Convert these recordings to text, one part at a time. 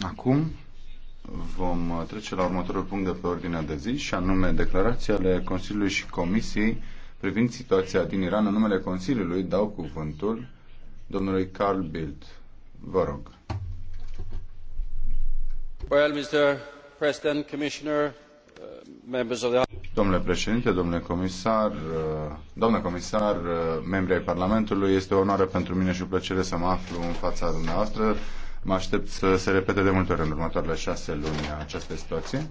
Acum vom uh, trece la următorul punct de pe ordinea de zi și anume declarația ale Consiliului și Comisiei privind situația din Iran. În numele Consiliului dau cuvântul domnului Carl Bildt. Vă rog. Well, Mr. President, Commissioner, uh, members of the... Domnule președinte, domnule comisar, uh, domnule comisar, membri ai Parlamentului, este o onoare pentru mine și o plăcere să mă aflu în fața dumneavoastră Mă aștept să se repete de multe ori în următoarele șase luni această situație.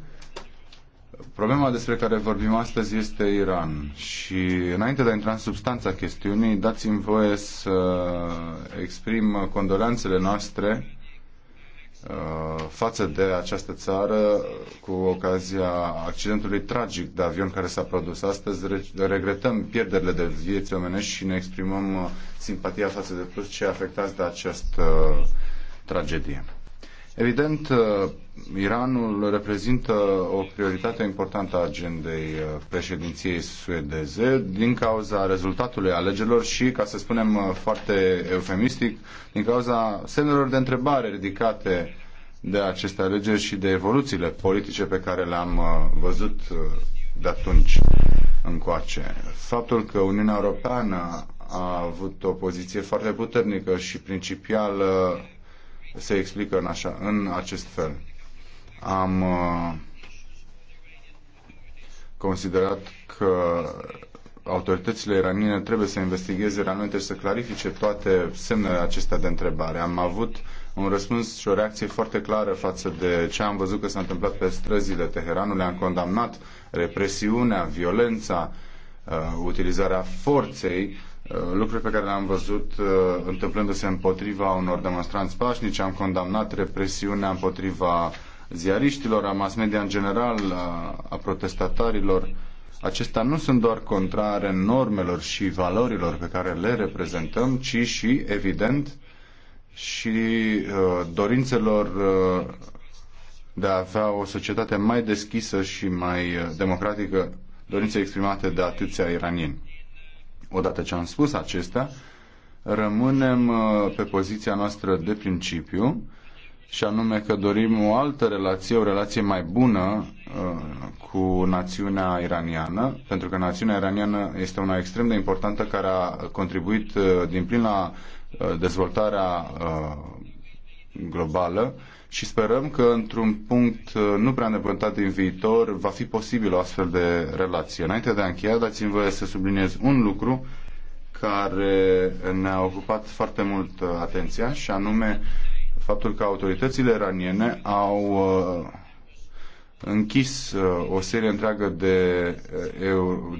Problema despre care vorbim astăzi este Iran și înainte de a intra în substanța chestiunii, dați-mi voie să exprim condolențele noastre uh, față de această țară cu ocazia accidentului tragic de avion care s-a produs astăzi. Regretăm pierderile de vieți omenești și ne exprimăm uh, simpatia față de toți cei afectați de acest tragedie. Evident, uh, Iranul reprezintă o prioritate importantă a agendei uh, președinției suedeze din cauza rezultatului alegerilor și, ca să spunem uh, foarte eufemistic, din cauza semnelor de întrebare ridicate de aceste alegeri și de evoluțiile politice pe care le-am văzut de atunci încoace. Faptul că Uniunea Europeană a avut o poziție foarte puternică și principială se explică în, așa, în acest fel. Am uh, considerat că autoritățile iraniene trebuie să investigheze realmente și să clarifice toate semnele acestea de întrebare. Am avut un răspuns și o reacție foarte clară față de ce am văzut că s-a întâmplat pe străzile Teheranului. Am condamnat represiunea, violența, uh, utilizarea forței Uh, lucruri pe care le-am văzut uh, întâmplându-se împotriva unor demonstranți pașnici, am condamnat represiunea împotriva ziariștilor, a mass media în general, a, a protestatarilor. Acestea nu sunt doar contrare normelor și valorilor pe care le reprezentăm, ci și, evident, și uh, dorințelor uh, de a avea o societate mai deschisă și mai uh, democratică, dorințe exprimate de atâția iranieni. Odată ce am spus acestea, rămânem uh, pe poziția noastră de principiu și anume că dorim o altă relație, o relație mai bună uh, cu națiunea iraniană, pentru că națiunea iraniană este una extrem de importantă care a contribuit uh, din plin la dezvoltarea globală și sperăm că într-un punct uh, nu prea nevântat din viitor va fi posibil o astfel de relație. Înainte de a încheia, dați-mi voie să subliniez un lucru care ne-a ocupat foarte mult uh, atenția și anume faptul că autoritățile iraniene au uh, închis o serie întreagă de,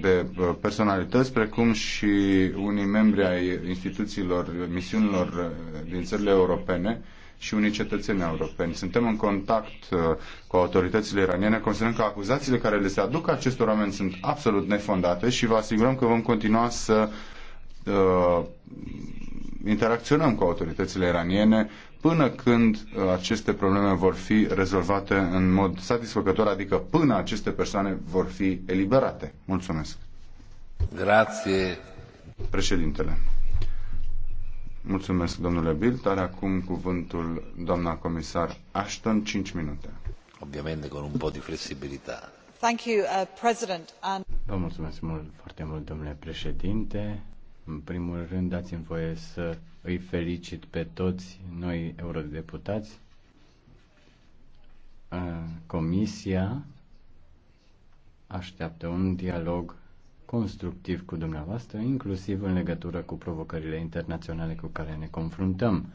de personalități, precum și unii membri ai instituțiilor, misiunilor din țările europene, și unii cetățeni europeni. Suntem în contact uh, cu autoritățile iraniene, considerăm că acuzațiile care le se aduc acestor oameni sunt absolut nefondate și vă asigurăm că vom continua să uh, interacționăm cu autoritățile iraniene până când uh, aceste probleme vor fi rezolvate în mod satisfăcător, adică până aceste persoane vor fi eliberate. Mulțumesc. Grație. Președintele. Mulțumesc, domnule Bilt. Are acum cuvântul doamna comisar Ashton, 5 minute. Obviamente, cu un po' de flexibilitate. Thank you, uh, President. And... Vă mulțumesc mult, foarte mult, domnule președinte. În primul rând, dați-mi voie să îi felicit pe toți noi eurodeputați. Uh, Comisia așteaptă un dialog constructiv cu dumneavoastră, inclusiv în legătură cu provocările internaționale cu care ne confruntăm.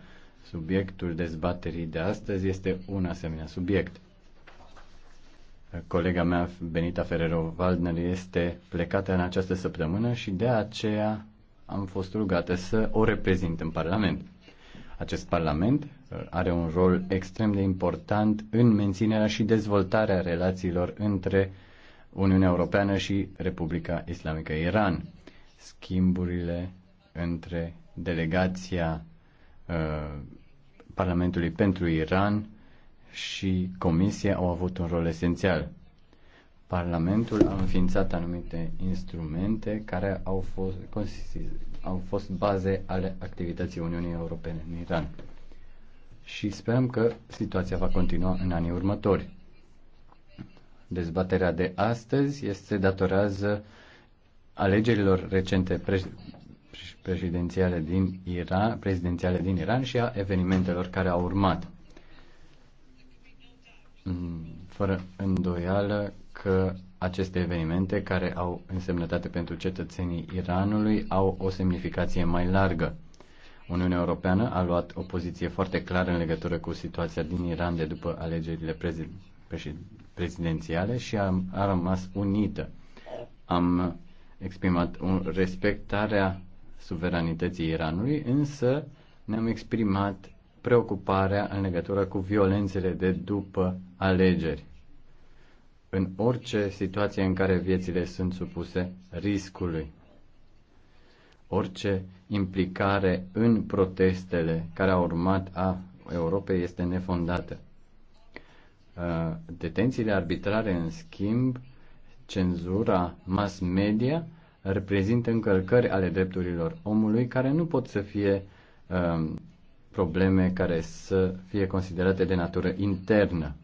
Subiectul dezbaterii de astăzi este un asemenea subiect. Colega mea, Benita Ferrero-Waldner, este plecată în această săptămână și de aceea am fost rugată să o reprezint în Parlament. Acest Parlament uh, are un rol extrem de important în menținerea și dezvoltarea relațiilor între Uniunea Europeană și Republica Islamică Iran. Schimburile între delegația uh, Parlamentului pentru Iran și Comisia au avut un rol esențial. Parlamentul a înființat anumite instrumente care au fost, au fost baze ale activității Uniunii Europene în Iran. Și sperăm că situația va continua în anii următori. Dezbaterea de astăzi este datorează alegerilor recente prezidențiale din Iran, prezidențiale din Iran și a evenimentelor care au urmat. Mm, fără îndoială că aceste evenimente care au însemnătate pentru cetățenii Iranului au o semnificație mai largă. Uniunea Europeană a luat o poziție foarte clară în legătură cu situația din Iran de după alegerile prezidențiale și a, a rămas unită. Am exprimat un, respectarea suveranității Iranului, însă ne-am exprimat preocuparea în legătură cu violențele de după alegeri. În orice situație în care viețile sunt supuse riscului. Orice implicare în protestele care au urmat a Europei este nefondată. Uh, detențiile arbitrare, în schimb, cenzura mass media, reprezintă încălcări ale drepturilor omului care nu pot să fie um, probleme care să fie considerate de natură internă.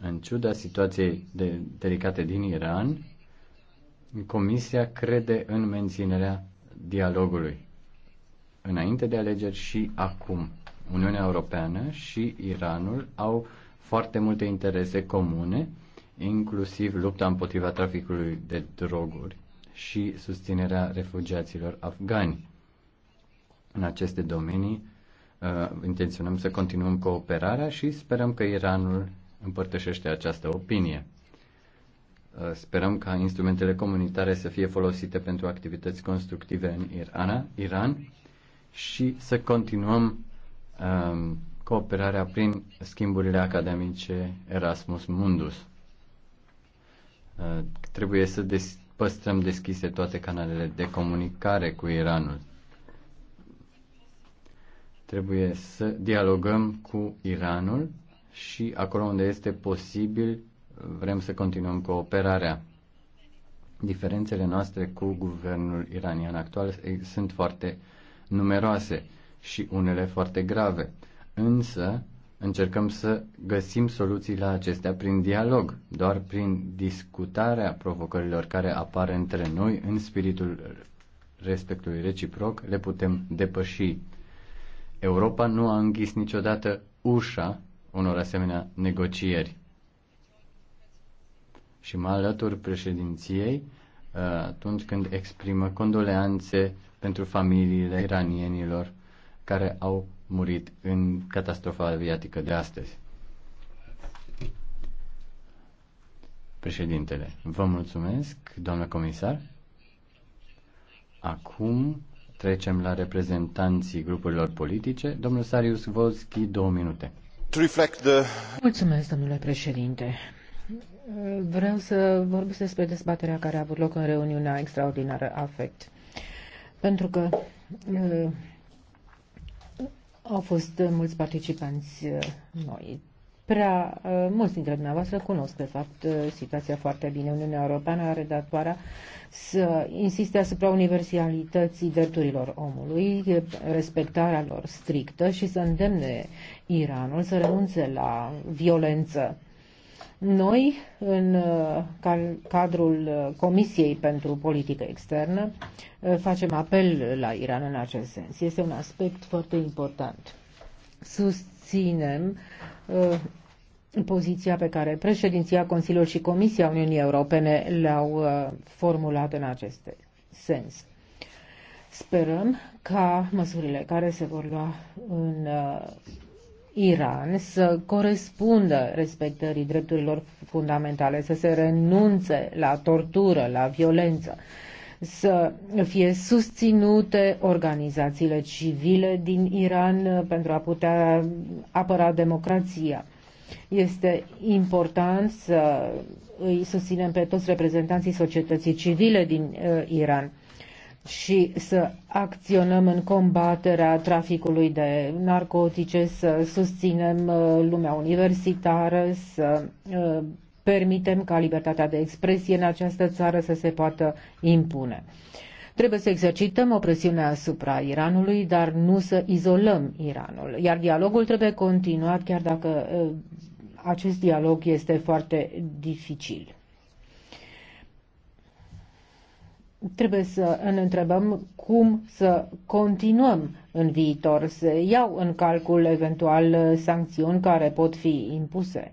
În ciuda situației de, delicate din Iran, Comisia crede în menținerea dialogului înainte de alegeri și acum. Uniunea Europeană și Iranul au foarte multe interese comune, inclusiv lupta împotriva traficului de droguri și susținerea refugiaților afgani. În aceste domenii uh, intenționăm să continuăm cooperarea și sperăm că Iranul împărtășește această opinie. Uh, sperăm ca instrumentele comunitare să fie folosite pentru activități constructive în Irana, Iran și să continuăm uh, cooperarea prin schimburile academice Erasmus Mundus. Uh, trebuie să des- păstrăm deschise toate canalele de comunicare cu Iranul. Trebuie să dialogăm cu Iranul și acolo unde este posibil vrem să continuăm cooperarea. Diferențele noastre cu guvernul iranian actual eh, sunt foarte numeroase și unele foarte grave Însă, încercăm să găsim soluții la acestea prin dialog, doar prin discutarea provocărilor care apar între noi în spiritul respectului reciproc, le putem depăși. Europa nu a închis niciodată ușa unor asemenea negocieri. Și mă alătur președinției uh, atunci când exprimă condoleanțe pentru familiile iranienilor care au murit în catastrofa aviatică de astăzi. Președintele, vă mulțumesc, doamnă comisar. Acum trecem la reprezentanții grupurilor politice. Domnul Sarius Volski, două minute. Mulțumesc, domnule președinte. Vreau să vorbesc despre dezbaterea care a avut loc în reuniunea extraordinară AFECT. Pentru că au fost uh, mulți participanți uh, noi. Prea uh, mulți dintre dumneavoastră cunosc, de fapt, situația foarte bine. Uniunea Europeană are datoarea să insiste asupra universalității drepturilor omului, respectarea lor strictă și să îndemne Iranul să renunțe la violență noi, în uh, cadrul uh, Comisiei pentru Politică Externă, uh, facem apel la Iran în acest sens. Este un aspect foarte important. Susținem poziția pe care președinția Consiliului și Comisia Uniunii Europene le-au formulat în acest sens. Sperăm ca măsurile care se vor lua în Iran să corespundă respectării drepturilor fundamentale, să se renunțe la tortură, la violență, să fie susținute organizațiile civile din Iran pentru a putea apăra democrația. Este important să îi susținem pe toți reprezentanții societății civile din uh, Iran și să acționăm în combaterea traficului de narcotice, să susținem uh, lumea universitară, să uh, permitem ca libertatea de expresie în această țară să se poată impune. Trebuie să exercităm o presiune asupra Iranului, dar nu să izolăm Iranul. Iar dialogul trebuie continuat, chiar dacă uh, acest dialog este foarte dificil. trebuie să ne întrebăm cum să continuăm în viitor, să iau în calcul eventual sancțiuni care pot fi impuse.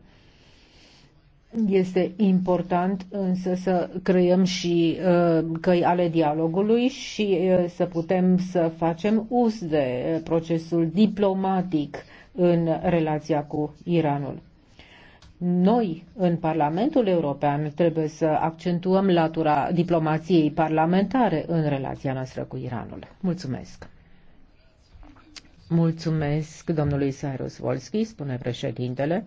Este important însă să creăm și uh, căi ale dialogului și uh, să putem să facem us de uh, procesul diplomatic în relația cu Iranul. Noi, în Parlamentul European, trebuie să accentuăm latura diplomației parlamentare în relația noastră cu Iranul. Mulțumesc! Mulțumesc domnului Cyrus Volski, spune președintele.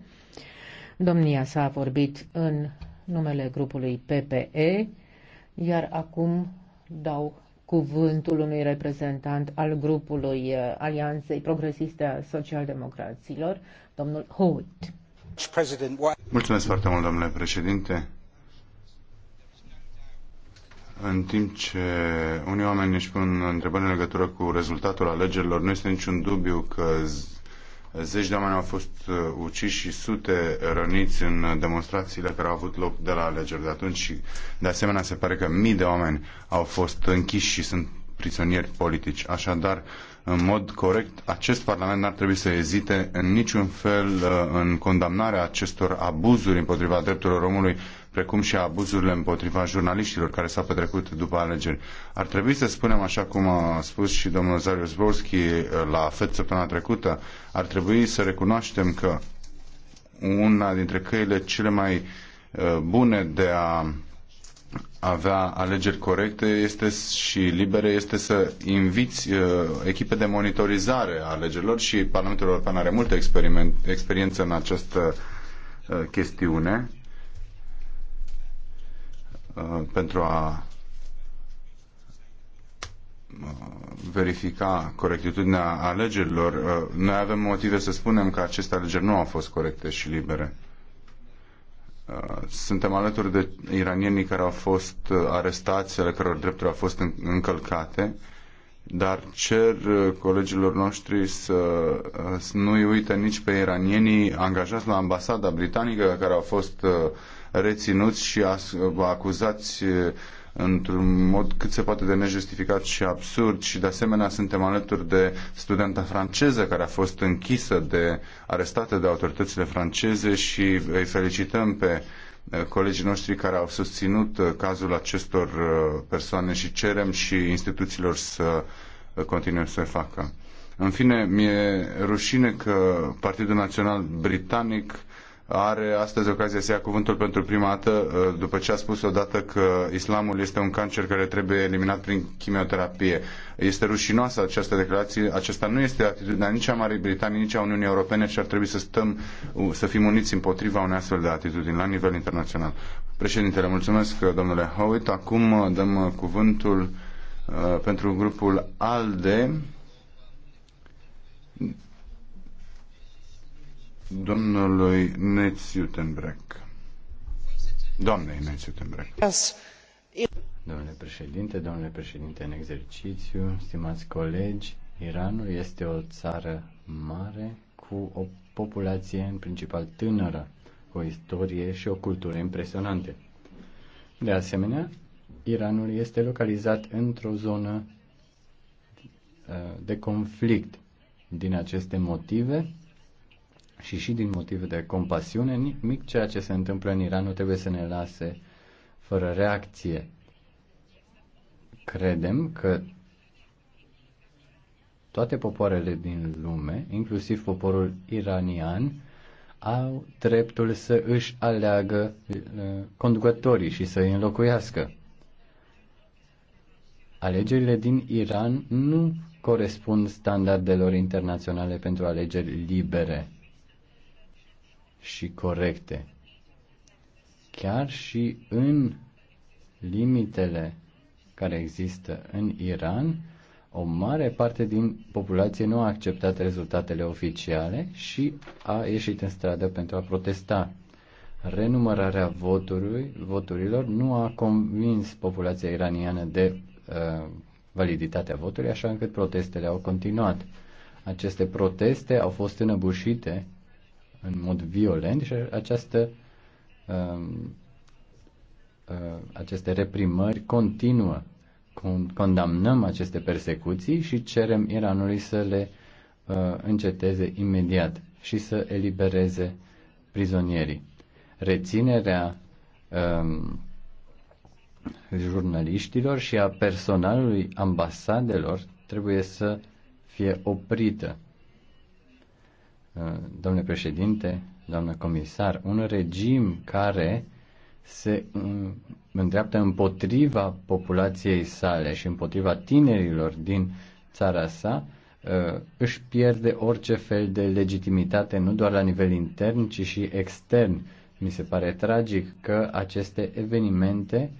Domnia s-a vorbit în numele grupului PPE, iar acum dau cuvântul unui reprezentant al grupului uh, Alianței Progresiste a Social-Democraților, domnul Howitt. Mulțumesc foarte mult, domnule președinte. În timp ce unii oameni își pun întrebări în legătură cu rezultatul alegerilor, nu este niciun dubiu că zeci de oameni au fost uh, uciși și sute răniți în demonstrațiile care au avut loc de la alegeri de atunci și de asemenea se pare că mii de oameni au fost închiși și sunt prizonieri politici. Așadar, în mod corect, acest Parlament n-ar trebui să ezite în niciun fel uh, în condamnarea acestor abuzuri împotriva drepturilor omului, precum și abuzurile împotriva jurnaliștilor care s-au petrecut după alegeri. Ar trebui să spunem, așa cum a spus și domnul Zarius Borski uh, la FED săptămâna trecută, ar trebui să recunoaștem că una dintre căile cele mai uh, bune de a avea alegeri corecte este și libere este să inviți uh, echipe de monitorizare a alegerilor și Parlamentul European are multă experiență în această uh, chestiune uh, pentru a uh, verifica corectitudinea alegerilor. Uh, noi avem motive să spunem că aceste alegeri nu au fost corecte și libere. Uh, suntem alături de iranienii care au fost uh, arestați, ale căror drepturi au fost încălcate, dar cer uh, colegilor noștri să, să nu-i uite nici pe iranienii angajați la ambasada britanică care au fost reținuți și acuzați într-un mod cât se poate de nejustificat și absurd și de asemenea suntem alături de studenta franceză care a fost închisă de arestată de autoritățile franceze și îi felicităm pe uh, colegii noștri care au susținut uh, cazul acestor uh, persoane și cerem și instituțiilor să continue să facă. În fine, mi-e rușine că Partidul Național Britanic are astăzi ocazia să ia cuvântul pentru prima dată uh, după ce a spus odată că islamul este un cancer care trebuie eliminat prin chimioterapie. Este rușinoasă această declarație, aceasta nu este atitudinea nici a Marii Britanii, nici a Uniunii Europene și ar trebui să, stăm, uh, să fim uniți împotriva unei astfel de atitudini la nivel internațional. Președintele, mulțumesc uh, domnule Howitt. Acum dăm cuvântul pentru grupul ALDE domnului Neitz Jutenbrec. Doamnei Neitz Jutenbrec. Domnule președinte, domnule președinte în exercițiu, stimați colegi, Iranul este o țară mare cu o populație în principal tânără, o istorie și o cultură impresionante. De asemenea, Iranul este localizat într-o zonă uh, de conflict. Din aceste motive, și și din motive de compasiune, nimic ceea ce se întâmplă în Iran nu trebuie să ne lase fără reacție. Credem că toate popoarele din lume, inclusiv poporul iranian, au dreptul să își aleagă uh, conducătorii și să îi înlocuiască. Alegerile din Iran nu corespund standardelor internaționale pentru alegeri libere și corecte. Chiar și în limitele care există în Iran, o mare parte din populație nu a acceptat rezultatele oficiale și a ieșit în stradă pentru a protesta. Renumărarea votului, voturilor nu a convins populația iraniană de uh, validitatea votului, așa încât protestele au continuat. Aceste proteste au fost înăbușite în mod violent și această, um, uh, aceste reprimări continuă. Condamnăm aceste persecuții și cerem Iranului să le uh, înceteze imediat și să elibereze prizonierii. Reținerea um, jurnaliștilor și a personalului ambasadelor trebuie să fie oprită domnule președinte, doamnă comisar, un regim care se um, îndreaptă împotriva populației sale și împotriva tinerilor din țara sa, uh, își pierde orice fel de legitimitate, nu doar la nivel intern, ci și extern. Mi se pare tragic că aceste evenimente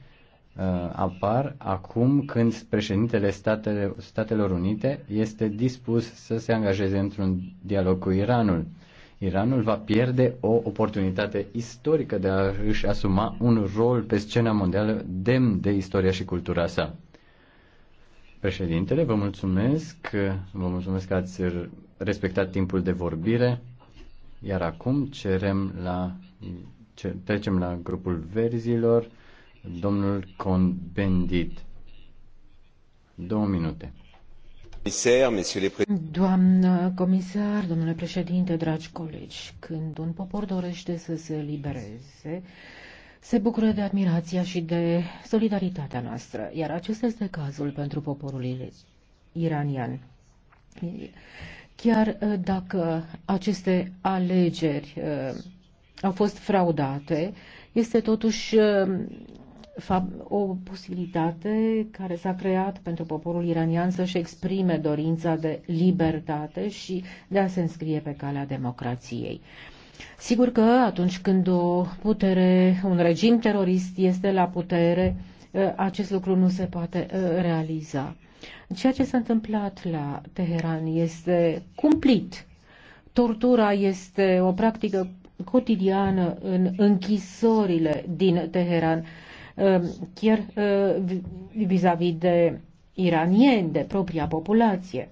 Uh, apar acum când președintele Statele, Statelor Unite este dispus să se angajeze într-un dialog cu Iranul. Iranul va pierde o oportunitate istorică de a își asuma un rol pe scena mondială demn de istoria și cultura sa. Președintele, vă mulțumesc, vă mulțumesc că ați respectat timpul de vorbire, iar acum cerem la, trecem la grupul verzilor. Domnul Conbendit. Două minute. Doamnă comisar, domnule președinte, dragi colegi, când un popor dorește să se libereze, se bucură de admirația și de solidaritatea noastră, iar acesta este cazul pentru poporul iranian. Chiar uh, dacă aceste alegeri uh, au fost fraudate, este totuși uh, o posibilitate care s-a creat pentru poporul iranian să-și exprime dorința de libertate și de a se înscrie pe calea democrației. Sigur că atunci când o putere, un regim terorist este la putere, acest lucru nu se poate ă, realiza. Ceea ce s-a întâmplat la Teheran este cumplit. Tortura este o practică cotidiană în închisorile din Teheran Um, chiar uh, vis-a-vis -vis de iranieni, de propria populație.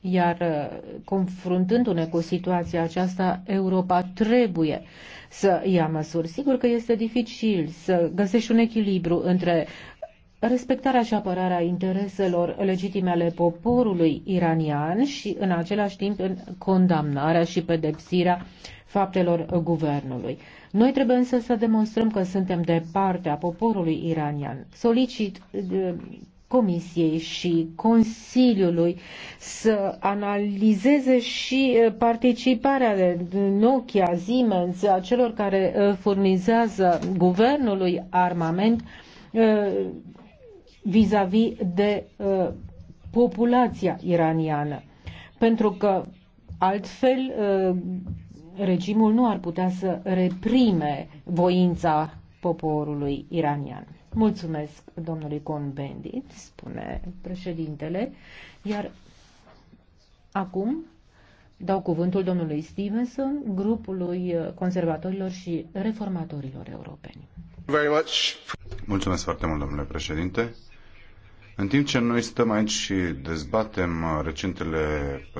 Iar uh, confruntându-ne cu situația aceasta, Europa trebuie să ia măsuri. Sigur că este dificil să găsești un echilibru între respectarea și apărarea intereselor legitime ale poporului iranian și în același timp în condamnarea și pedepsirea faptelor guvernului. Noi trebuie însă să demonstrăm că suntem de partea poporului iranian. Solicit Comisiei și Consiliului să analizeze și participarea de Nokia, Siemens, a celor care furnizează guvernului armament vis-a-vis -vis de uh, populația iraniană. Pentru că altfel uh, regimul nu ar putea să reprime voința poporului iranian. Mulțumesc domnului Con bendit spune președintele, iar acum dau cuvântul domnului Stevenson, grupului conservatorilor și reformatorilor europeni. Mulțumesc foarte mult, domnule președinte. În timp ce noi stăm aici și dezbatem uh, recentele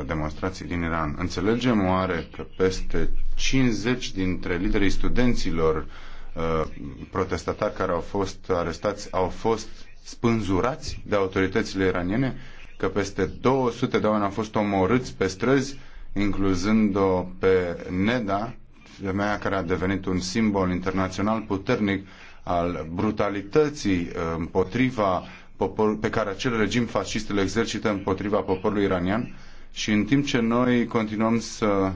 demonstrații din Iran, înțelegem oare că peste 50 dintre liderii studenților uh, protestatari care au fost arestați au fost spânzurați de autoritățile iraniene, că peste 200 de oameni au fost omorâți pe străzi, incluzând-o pe Neda, femeia care a devenit un simbol internațional puternic al brutalității uh, împotriva popor, pe care acel regim fascist îl exercită împotriva poporului iranian și în timp ce noi continuăm să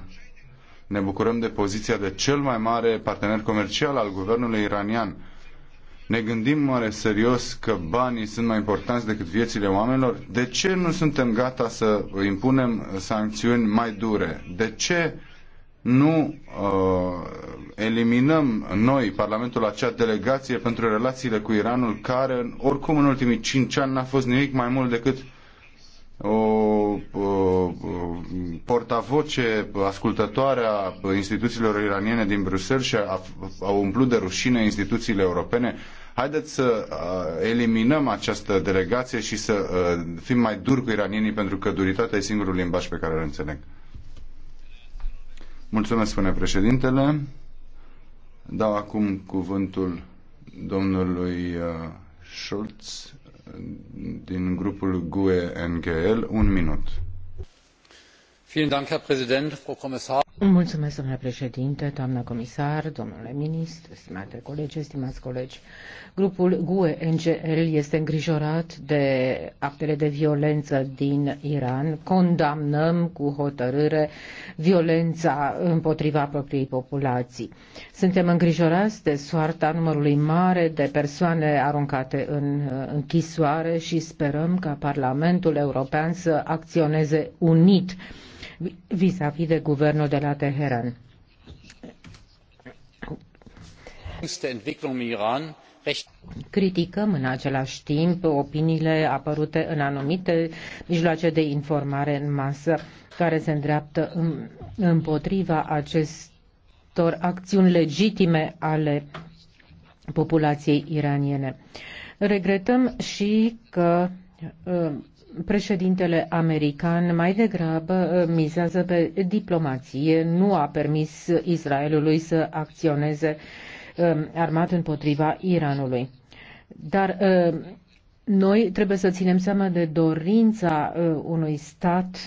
ne bucurăm de poziția de cel mai mare partener comercial al guvernului iranian, ne gândim mare serios că banii sunt mai importanți decât viețile oamenilor? De ce nu suntem gata să impunem sancțiuni mai dure? De ce nu uh, eliminăm noi, Parlamentul, acea delegație pentru relațiile cu Iranul, care oricum în ultimii cinci ani n-a fost nimic mai mult decât o, o, uh, o uh, portavoce ascultătoare a instituțiilor iraniene din Bruxelles și a, umplut de rușine instituțiile europene. Haideți să uh, eliminăm această delegație și să uh, fim mai duri cu iranienii pentru că duritatea e singurul limbaj pe care îl înțeleg. Mulțumesc, spune președintele. Dau acum cuvântul domnului uh, Schulz din grupul GUE-NGL. Un minut. Vielen Dank, Herr Präsident, Frau Kommissar. Mulțumesc, domnule președinte, doamnă comisar, domnule ministru, stimate colegi, stimați colegi. Grupul GUE-NGL este îngrijorat de actele de violență din Iran. Condamnăm cu hotărâre violența împotriva propriei populații. Suntem îngrijorați de soarta numărului mare de persoane aruncate în uh, închisoare și sperăm ca Parlamentul European să acționeze unit vis-a-vis -vis de guvernul de la Teheran. Um Criticăm în același timp opiniile apărute în anumite mijloace de informare în masă care se îndreaptă împotriva acestor acțiuni legitime ale populației iraniene. Regretăm și că uh, președintele american mai degrabă uh, mizează pe diplomație, nu a permis Israelului să acționeze um, armat împotriva Iranului. Dar uh, noi trebuie să ținem seama de dorința uh, unui stat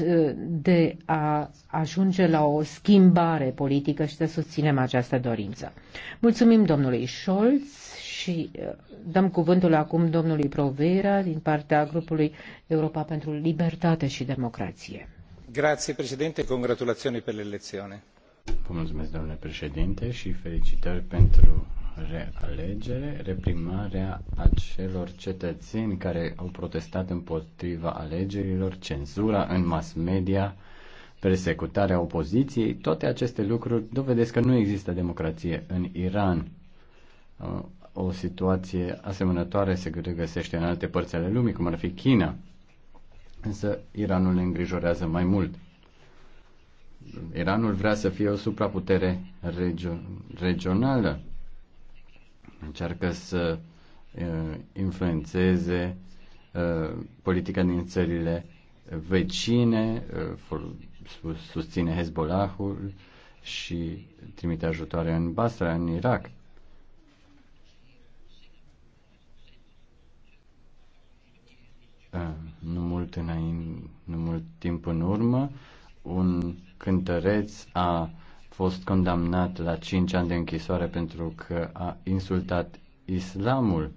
de a ajunge la o schimbare politică și să susținem această dorință. Mulțumim domnului Scholz și uh, dăm cuvântul acum domnului Provera din partea grupului Europa pentru Libertate și Democrație. Grazie președinte, congratulațiuni pe elecțiune. Vă mulțumesc, domnule președinte, și felicitări pentru realegere, reprimarea acelor cetățeni care au protestat împotriva alegerilor, cenzura în mass media, persecutarea opoziției, toate aceste lucruri dovedesc că nu există democrație în Iran. Uh, o situație asemănătoare se găsește în alte părți ale lumii, cum ar fi China. Însă Iranul ne îngrijorează mai mult. Iranul vrea să fie o supraputere regio- regională. Încearcă să uh, influențeze uh, politica din țările vecine, uh, susține Hezbollahul și trimite ajutoare în Basra, în Irak. nu mult, înainte, nu mult timp în urmă, un cântăreț a fost condamnat la 5 ani de închisoare pentru că a insultat islamul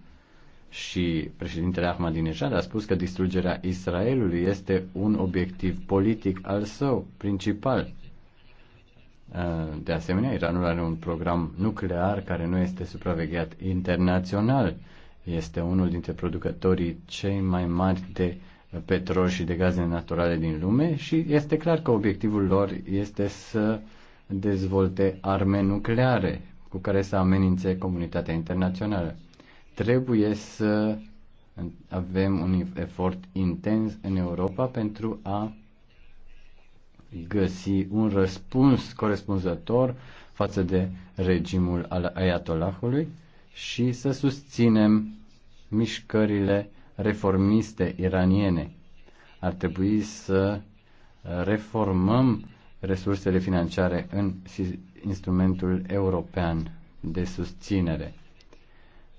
și președintele Ahmadinejad a spus că distrugerea Israelului este un obiectiv politic al său principal. Uh, de asemenea, Iranul are un program nuclear care nu este supravegheat internațional. Este unul dintre producătorii cei mai mari de petrol și de gaze naturale din lume și este clar că obiectivul lor este să dezvolte arme nucleare cu care să amenințe comunitatea internațională. Trebuie să avem un efort intens în Europa pentru a găsi un răspuns corespunzător față de regimul al Ayatollahului și să susținem mișcările reformiste iraniene. Ar trebui să uh, reformăm resursele financiare în instrumentul european de susținere.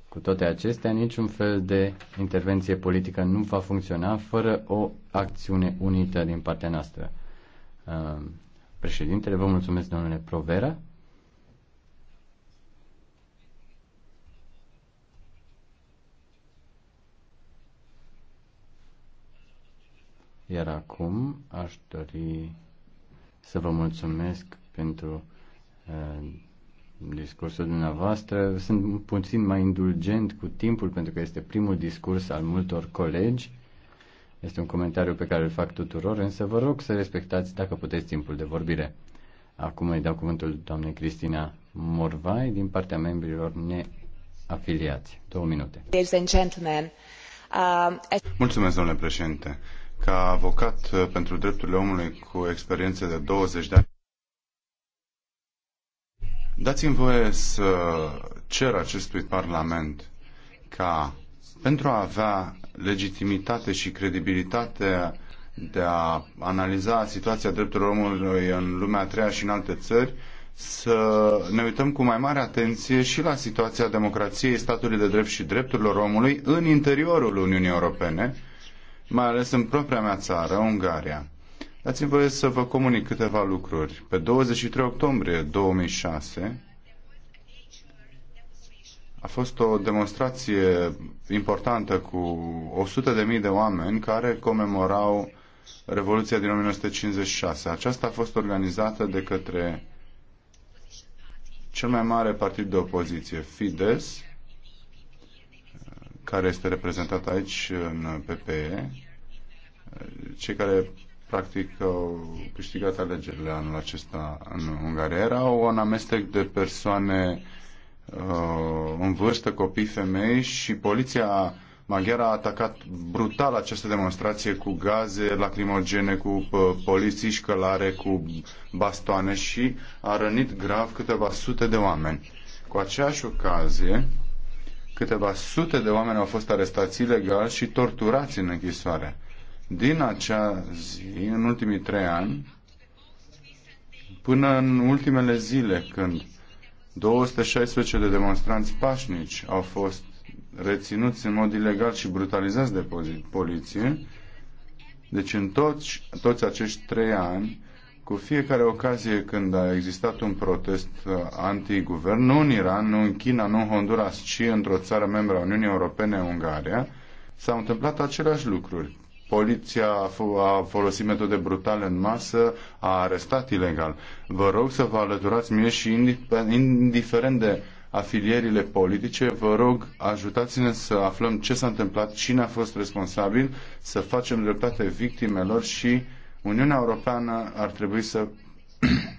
Cu toate acestea, niciun fel de intervenție politică nu va funcționa fără o acțiune unită din partea noastră. Uh, președintele, vă mulțumesc, domnule Provera. Iar acum aș dori să vă mulțumesc pentru uh, discursul dumneavoastră. Sunt puțin mai indulgent cu timpul pentru că este primul discurs al multor colegi. Este un comentariu pe care îl fac tuturor, însă vă rog să respectați, dacă puteți, timpul de vorbire. Acum îi dau cuvântul doamnei Cristina Morvai din partea membrilor neafiliați. Două minute. Uh, mulțumesc, domnule președinte ca avocat uh, pentru drepturile omului cu experiențe de 20 de ani, dați-mi voie să cer acestui Parlament ca pentru a avea legitimitate și credibilitate de a analiza situația drepturilor omului în lumea a treia și în alte țări, să ne uităm cu mai mare atenție și la situația democrației, statului de drept și drepturilor omului în interiorul Uniunii Europene, mai ales în propria mea țară, Ungaria. Dați-mi voie să vă comunic câteva lucruri. Pe 23 octombrie 2006 a fost o demonstrație importantă cu 100.000 de oameni care comemorau Revoluția din 1956. Aceasta a fost organizată de către cel mai mare partid de opoziție, Fides, care este reprezentată aici în PPE, cei care practic au câștigat alegerile anul acesta în Ungaria. Era un amestec de persoane uh, în vârstă, copii, femei și poliția maghiară a atacat brutal această demonstrație cu gaze lacrimogene, cu uh, poliții școlare, cu bastoane și a rănit grav câteva sute de oameni. Cu aceeași ocazie, câteva sute de oameni au fost arestați ilegal și torturați în închisoare. Din acea zi, în ultimii trei ani, până în ultimele zile, când 216 de demonstranți pașnici au fost reținuți în mod ilegal și brutalizați de poliție, deci în toți, toți acești trei ani, cu fiecare ocazie când a existat un protest uh, antiguvern, nu în Iran, nu în China, nu în Honduras, ci într-o țară membră a Uniunii Europene, Ungaria, s-au întâmplat aceleași lucruri. Poliția a folosit metode brutale în masă, a arestat ilegal. Vă rog să vă alăturați mie și indiferent de afilierile politice, vă rog ajutați-ne să aflăm ce s-a întâmplat, cine a fost responsabil, să facem dreptate victimelor și uh, Uniunea Europeană ar trebui să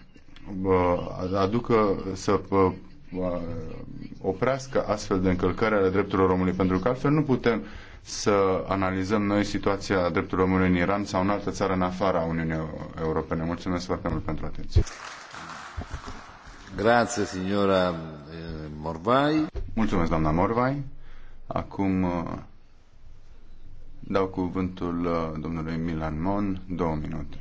aducă, să oprească astfel de încălcări ale drepturilor omului, pentru că altfel nu putem să analizăm noi situația drepturilor omului în Iran sau în altă țară în afara Uniunii Europene. Mulțumesc foarte mult pentru atenție. Grație, signora eh, Morvai. Mulțumesc, doamna Morvai. Acum Dau cuvântul uh, domnului Milan Mon, două minute.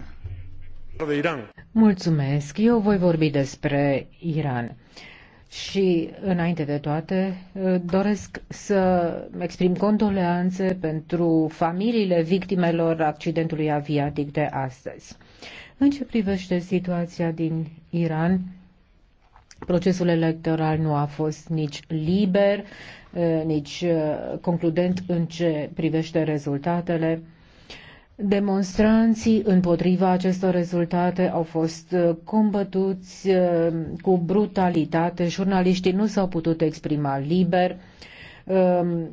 Mulțumesc. Eu voi vorbi despre Iran. Și, înainte de toate, uh, doresc să exprim condoleanțe pentru familiile victimelor accidentului aviatic de astăzi. În ce privește situația din Iran, Procesul electoral nu a fost nici liber, eh, nici eh, concludent în ce privește rezultatele. Demonstranții împotriva acestor rezultate au fost eh, combătuți cu brutalitate, jurnaliștii nu s-au putut exprima liber, ehm,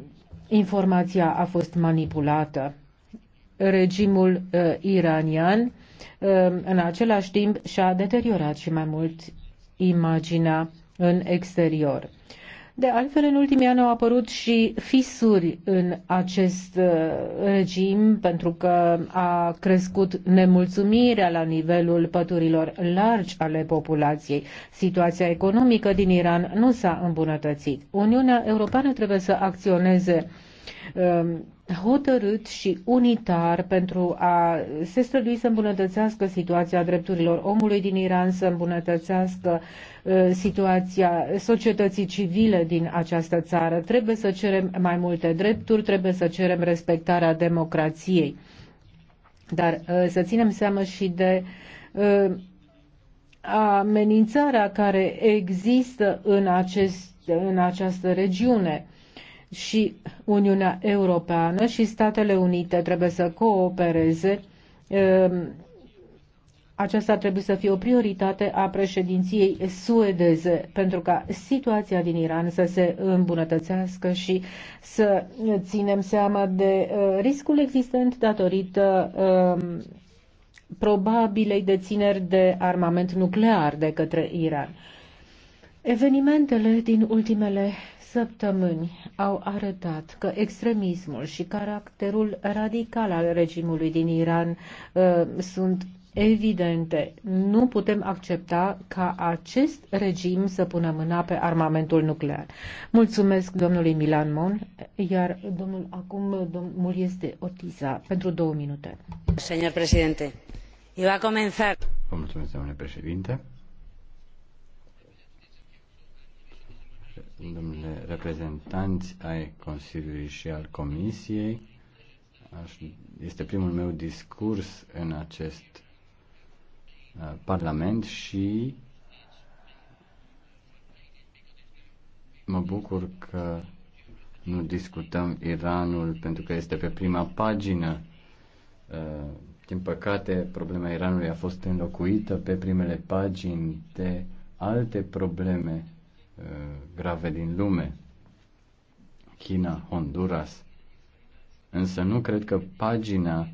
informația a fost manipulată. Regimul iranian ehm, în același timp și-a deteriorat și mai mult imaginea în exterior. De altfel, în ultimii ani au apărut și fisuri în acest uh, regim, pentru că a crescut nemulțumirea la nivelul păturilor largi ale populației. Situația economică din Iran nu s-a îmbunătățit. Uniunea Europeană trebuie să acționeze Um, hotărât și unitar pentru a se strădui să îmbunătățească situația drepturilor omului din Iran, să îmbunătățească uh, situația societății civile din această țară. Trebuie să cerem mai multe drepturi, trebuie să cerem respectarea democrației. Dar uh, să ținem seama și de uh, amenințarea care există în, acest, în această regiune și Uniunea Europeană și Statele Unite trebuie să coopereze. Ehm, aceasta trebuie să fie o prioritate a președinției suedeze pentru ca situația din Iran să se îmbunătățească și să ținem seama de eh, riscul existent datorită ehm, probabilei dețineri de armament nuclear de către Iran. Evenimentele din ultimele săptămâni au arătat că extremismul și caracterul radical al regimului din Iran uh, sunt evidente. Nu putem accepta ca acest regim să pună mâna pe armamentul nuclear. Mulțumesc domnului Milan Mon, iar domnul acum domnul este Otiza pentru două minute. Señor presidente, iba a comenzar. mulțumesc, domnule președinte. domnule reprezentanți ai Consiliului și al Comisiei. Aș, este primul meu discurs în acest uh, Parlament și mă bucur că nu discutăm Iranul pentru că este pe prima pagină. Uh, din păcate, problema Iranului a fost înlocuită pe primele pagini de alte probleme Uh, grave din lume, China, Honduras. Însă nu cred că pagina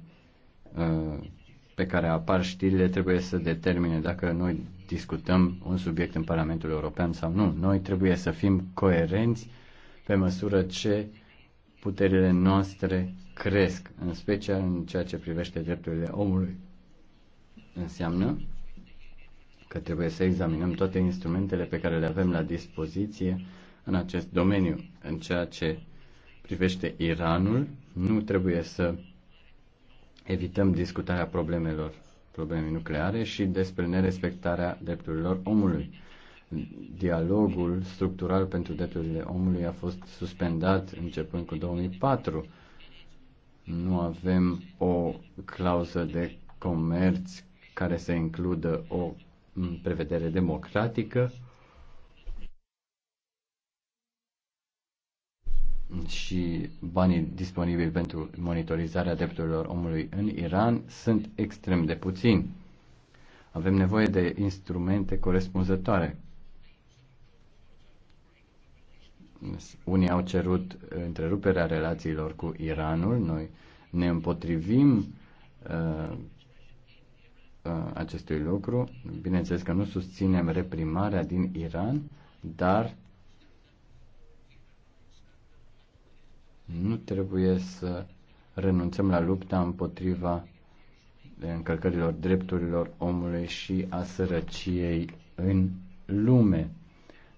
uh, pe care apar știrile trebuie să determine dacă noi discutăm un subiect în Parlamentul European sau nu. Noi trebuie să fim coerenți pe măsură ce puterile noastre cresc, în special în ceea ce privește drepturile omului. Înseamnă că trebuie să examinăm toate instrumentele pe care le avem la dispoziție în acest domeniu. În ceea ce privește Iranul, nu trebuie să evităm discutarea problemelor probleme nucleare și despre nerespectarea drepturilor omului. Dialogul structural pentru drepturile omului a fost suspendat începând cu 2004. Nu avem o clauză de comerț care să includă o prevedere democratică și banii disponibili pentru monitorizarea drepturilor omului în Iran sunt extrem de puțini. Avem nevoie de instrumente corespunzătoare. Unii au cerut întreruperea relațiilor cu Iranul, noi ne împotrivim uh, Uh, acestui lucru. Bineînțeles că nu susținem reprimarea din Iran, dar nu trebuie să renunțăm la lupta împotriva încălcărilor drepturilor omului și a sărăciei în lume.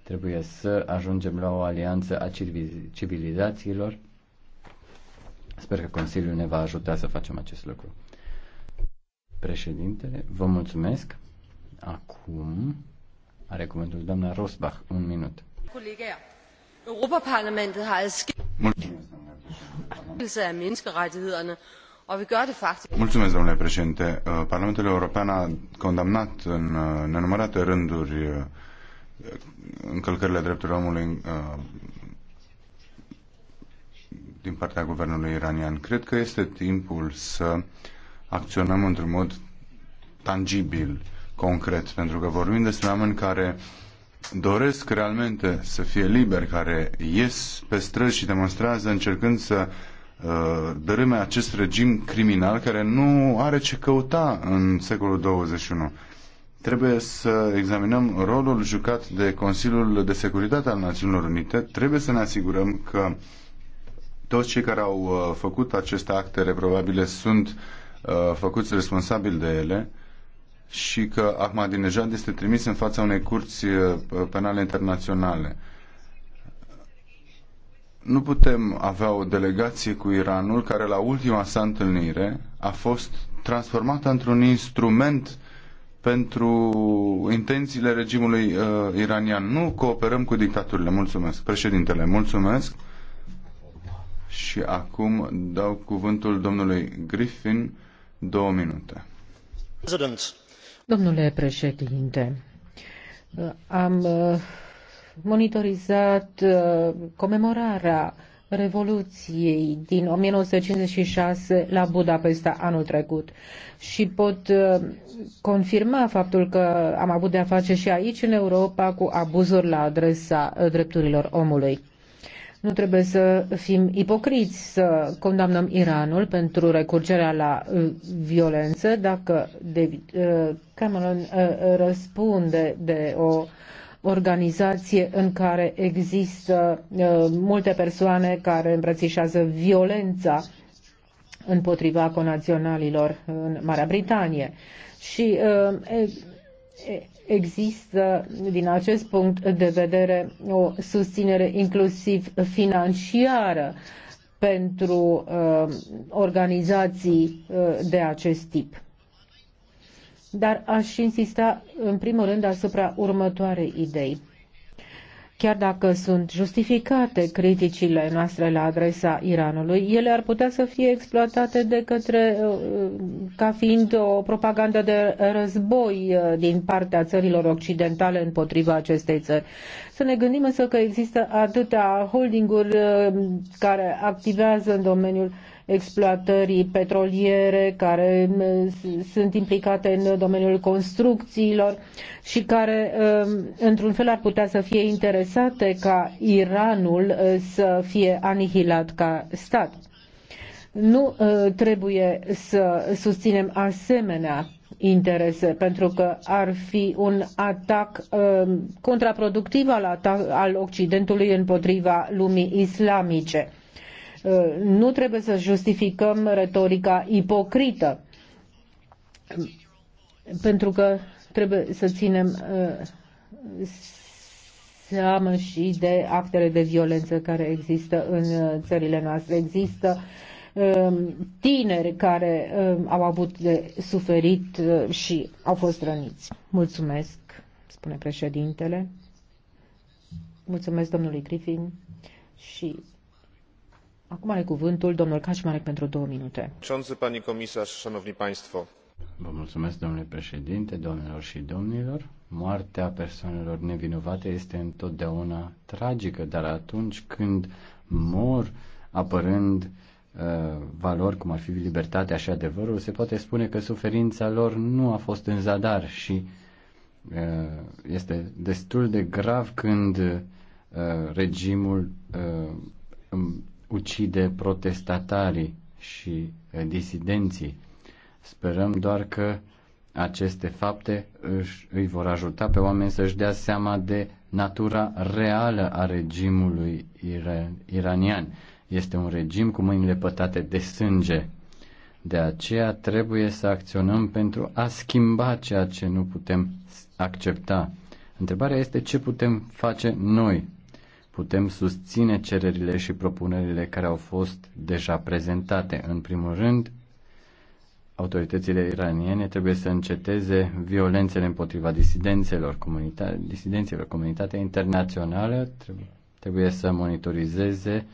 Trebuie să ajungem la o alianță a civilizațiilor. Sper că Consiliul ne va ajuta să facem acest lucru. Președintele, vă mulțumesc. Acum are cuvântul doamna Rosbach, un minut. Europaparlamentet har adskilt Mulțumesc, domnule președinte. Uh, Parlamentul European a condamnat în uh, nenumărate rânduri uh, încălcările drepturilor omului din partea guvernului iranian. Cred că este timpul să uh, acționăm într-un mod tangibil, concret, pentru că vorbim despre oameni care doresc realmente să fie liberi, care ies pe străzi și demonstrează încercând să uh, dărâme acest regim criminal care nu are ce căuta în secolul 21. Trebuie să examinăm rolul jucat de Consiliul de Securitate al Națiunilor Unite. Trebuie să ne asigurăm că toți cei care au uh, făcut aceste acte reprobabile sunt Uh, făcuți responsabili de ele și că Ahmadinejad este trimis în fața unei curți uh, penale internaționale. Nu putem avea o delegație cu Iranul care la ultima sa întâlnire a fost transformată într-un instrument pentru intențiile regimului uh, iranian. Nu cooperăm cu dictaturile. Mulțumesc. Președintele, mulțumesc. Și acum dau cuvântul domnului Griffin Domnule președinte, am uh, monitorizat uh, comemorarea Revoluției din 1956 la Budapesta anul trecut și pot uh, confirma faptul că am avut de-a face și aici în Europa cu abuzuri la adresa drepturilor omului. Nu trebuie să fim ipocriți să condamnăm Iranul pentru recurgerea la uh, violență dacă David uh, Cameron uh, răspunde de o organizație în care există multe persoane care îmbrățișează violența împotriva conaționalilor în Marea Britanie. Și există, din acest punct de vedere, o susținere inclusiv financiară pentru uh, organizații uh, de acest tip. Dar aș insista în primul rând asupra următoarei idei. Chiar dacă sunt justificate criticile noastre la adresa Iranului, ele ar putea să fie exploatate de către, uh, uh, ca fiind o propagandă de război uh, din partea țărilor occidentale împotriva acestei țări. Să ne gândim însă că există atâtea holdinguri care activează în domeniul uh, exploatării petroliere care mm, sunt implicate în domeniul construcțiilor și care mm, într-un fel ar putea să fie interesate ca Iranul mm, să fie anihilat ca stat. Nu trebuie să susținem asemenea interese, pentru că ar fi un atac contraproductiv al, atac, al Occidentului împotriva lumii islamice. Nu trebuie să justificăm retorica ipocrită, pentru că trebuie să ținem uh, seamă și de actele de violență care există în uh, țările noastre. Există um, tineri care um, au avut de suferit uh, și au fost răniți. Mulțumesc, spune președintele. Mulțumesc domnului Griffin și Acum are cuvântul domnul Kaczmarek pentru două minute. Pani comisar, șanovni państwo. Vă mulțumesc, domnule președinte, domnilor și domnilor. Moartea persoanelor nevinovate este întotdeauna tragică, dar atunci când mor apărând uh, valori cum ar fi libertatea și adevărul, se poate spune că suferința lor nu a fost în zadar și uh, este destul de grav când uh, regimul ucide protestatarii și eh, disidenții. Sperăm doar că aceste fapte își, îi vor ajuta pe oameni să-și dea seama de natura reală a regimului iranian. Este un regim cu mâinile pătate de sânge. De aceea trebuie să acționăm pentru a schimba ceea ce nu putem accepta. Întrebarea este ce putem face noi putem susține cererile și propunerile care au fost deja prezentate. În primul rând, autoritățile iraniene trebuie să înceteze violențele împotriva disidențelor, comunita- disidențelor. Comunitatea internațională trebuie să monitorizeze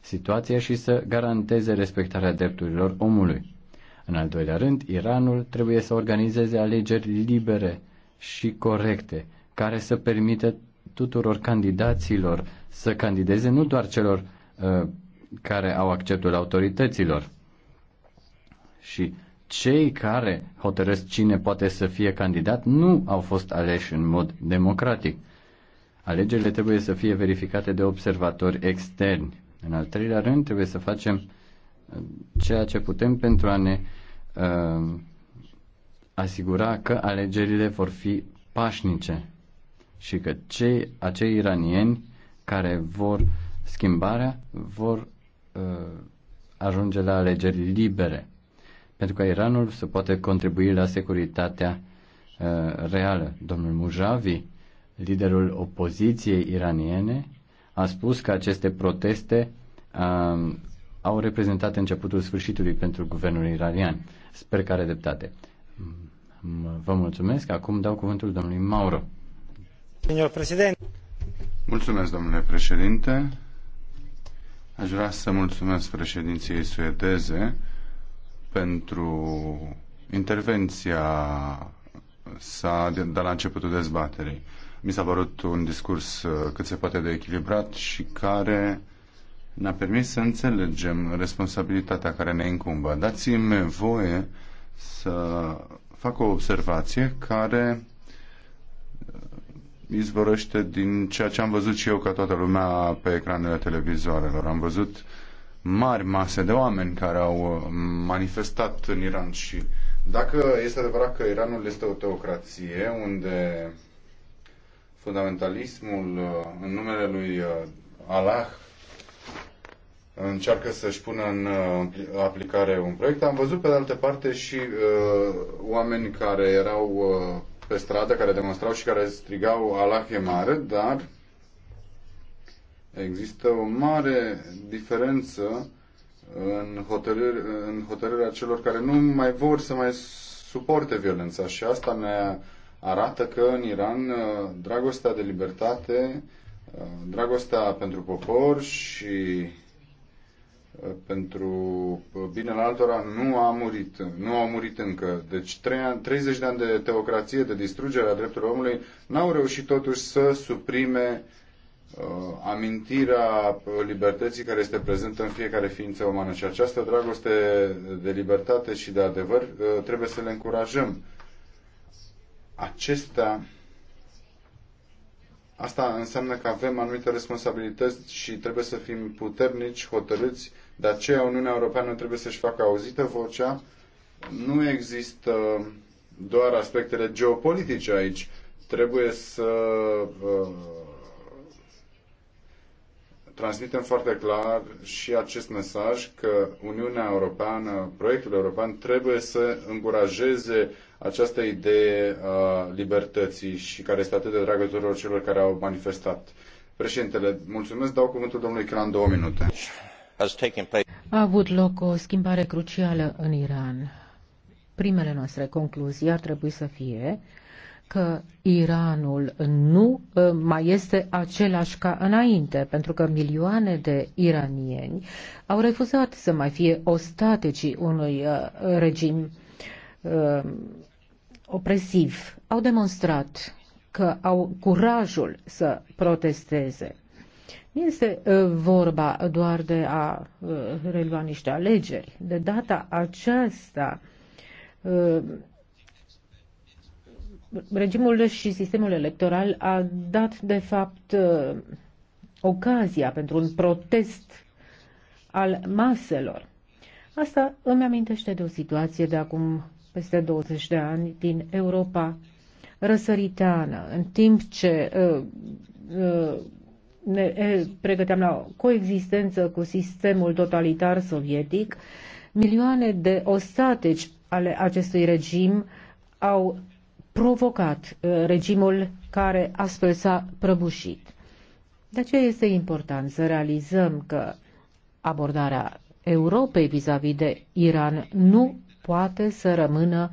situația și să garanteze respectarea drepturilor omului. În al doilea rând, Iranul trebuie să organizeze alegeri libere și corecte, care să permită tuturor candidaților să candideze, nu doar celor uh, care au acceptul autorităților. Și cei care hotărăsc cine poate să fie candidat nu au fost aleși în mod democratic. Alegerile trebuie să fie verificate de observatori externi. În al treilea rând, trebuie să facem uh, ceea ce putem pentru a ne uh, asigura că alegerile vor fi pașnice și că cei, acei iranieni care vor schimbarea vor uh, ajunge la alegeri libere, pentru că Iranul să poate contribui la securitatea uh, reală. Domnul Mujavi, liderul opoziției iraniene, a spus că aceste proteste uh, au reprezentat începutul sfârșitului pentru guvernul iranian. Sper că are dreptate. Mm, vă mulțumesc. Acum dau cuvântul domnului Mauro. Mulțumesc, domnule președinte. Aș vrea să mulțumesc președinției suedeze pentru intervenția sa de, de la începutul dezbaterii. Mi s-a părut un discurs uh, cât se poate de echilibrat și care ne-a permis să înțelegem responsabilitatea care ne incumbă. Dați-mi voie să fac o observație care izvorăște din ceea ce am văzut și eu ca toată lumea pe ecranele televizoarelor. Am văzut mari mase de oameni care au uh, manifestat în Iran și dacă este adevărat că Iranul este o teocrație unde fundamentalismul uh, în numele lui uh, Allah încearcă să-și pună în aplicare un proiect. Am văzut, pe de altă parte, și uh, oameni care erau uh, pe stradă care demonstrau și care strigau Allah e mare, dar există o mare diferență în, hotărâri, în hotărârea celor care nu mai vor să mai suporte violența și asta ne arată că în Iran uh, dragostea de libertate, uh, dragostea pentru popor și Uh, pentru uh, binele altora nu a murit, nu au murit încă. Deci 30 de ani de teocrație, de distrugere a drepturilor omului, n-au reușit totuși să suprime uh, amintirea libertății care este prezentă în fiecare ființă umană. Și această dragoste de libertate și de adevăr uh, trebuie să le încurajăm. Acestea Asta înseamnă că avem anumite responsabilități și trebuie să fim puternici, hotărâți de aceea Uniunea Europeană trebuie să-și facă auzită vocea. Nu există doar aspectele geopolitice aici. Trebuie să uh, transmitem foarte clar și acest mesaj că Uniunea Europeană, proiectul european trebuie să încurajeze această idee a libertății și care este atât de dragă tuturor celor care au manifestat. Președintele, mulțumesc, dau cuvântul domnului Chilan două minute has taken place. A avut loc o schimbare crucială în Iran. Primele noastre concluzii ar trebui să fie că Iranul nu ă, mai este același ca înainte, pentru că milioane de iranieni au refuzat să mai fie ostatecii unui ă, regim ă, opresiv. Au demonstrat că au curajul să protesteze. Nu este uh, vorba doar de a uh, relua niște alegeri. De data aceasta, uh, regimul și sistemul electoral a dat, de fapt, ocazia pentru un protest al maselor. Asta îmi amintește de o situație de acum peste 20 de ani din Europa răsăriteană, în timp ce uh, uh, ne pregăteam la coexistență cu sistemul totalitar sovietic, milioane de ostateci ale acestui regim au provocat regimul care astfel s-a prăbușit. De aceea este important să realizăm că abordarea Europei vis-a-vis -vis de Iran nu poate să rămână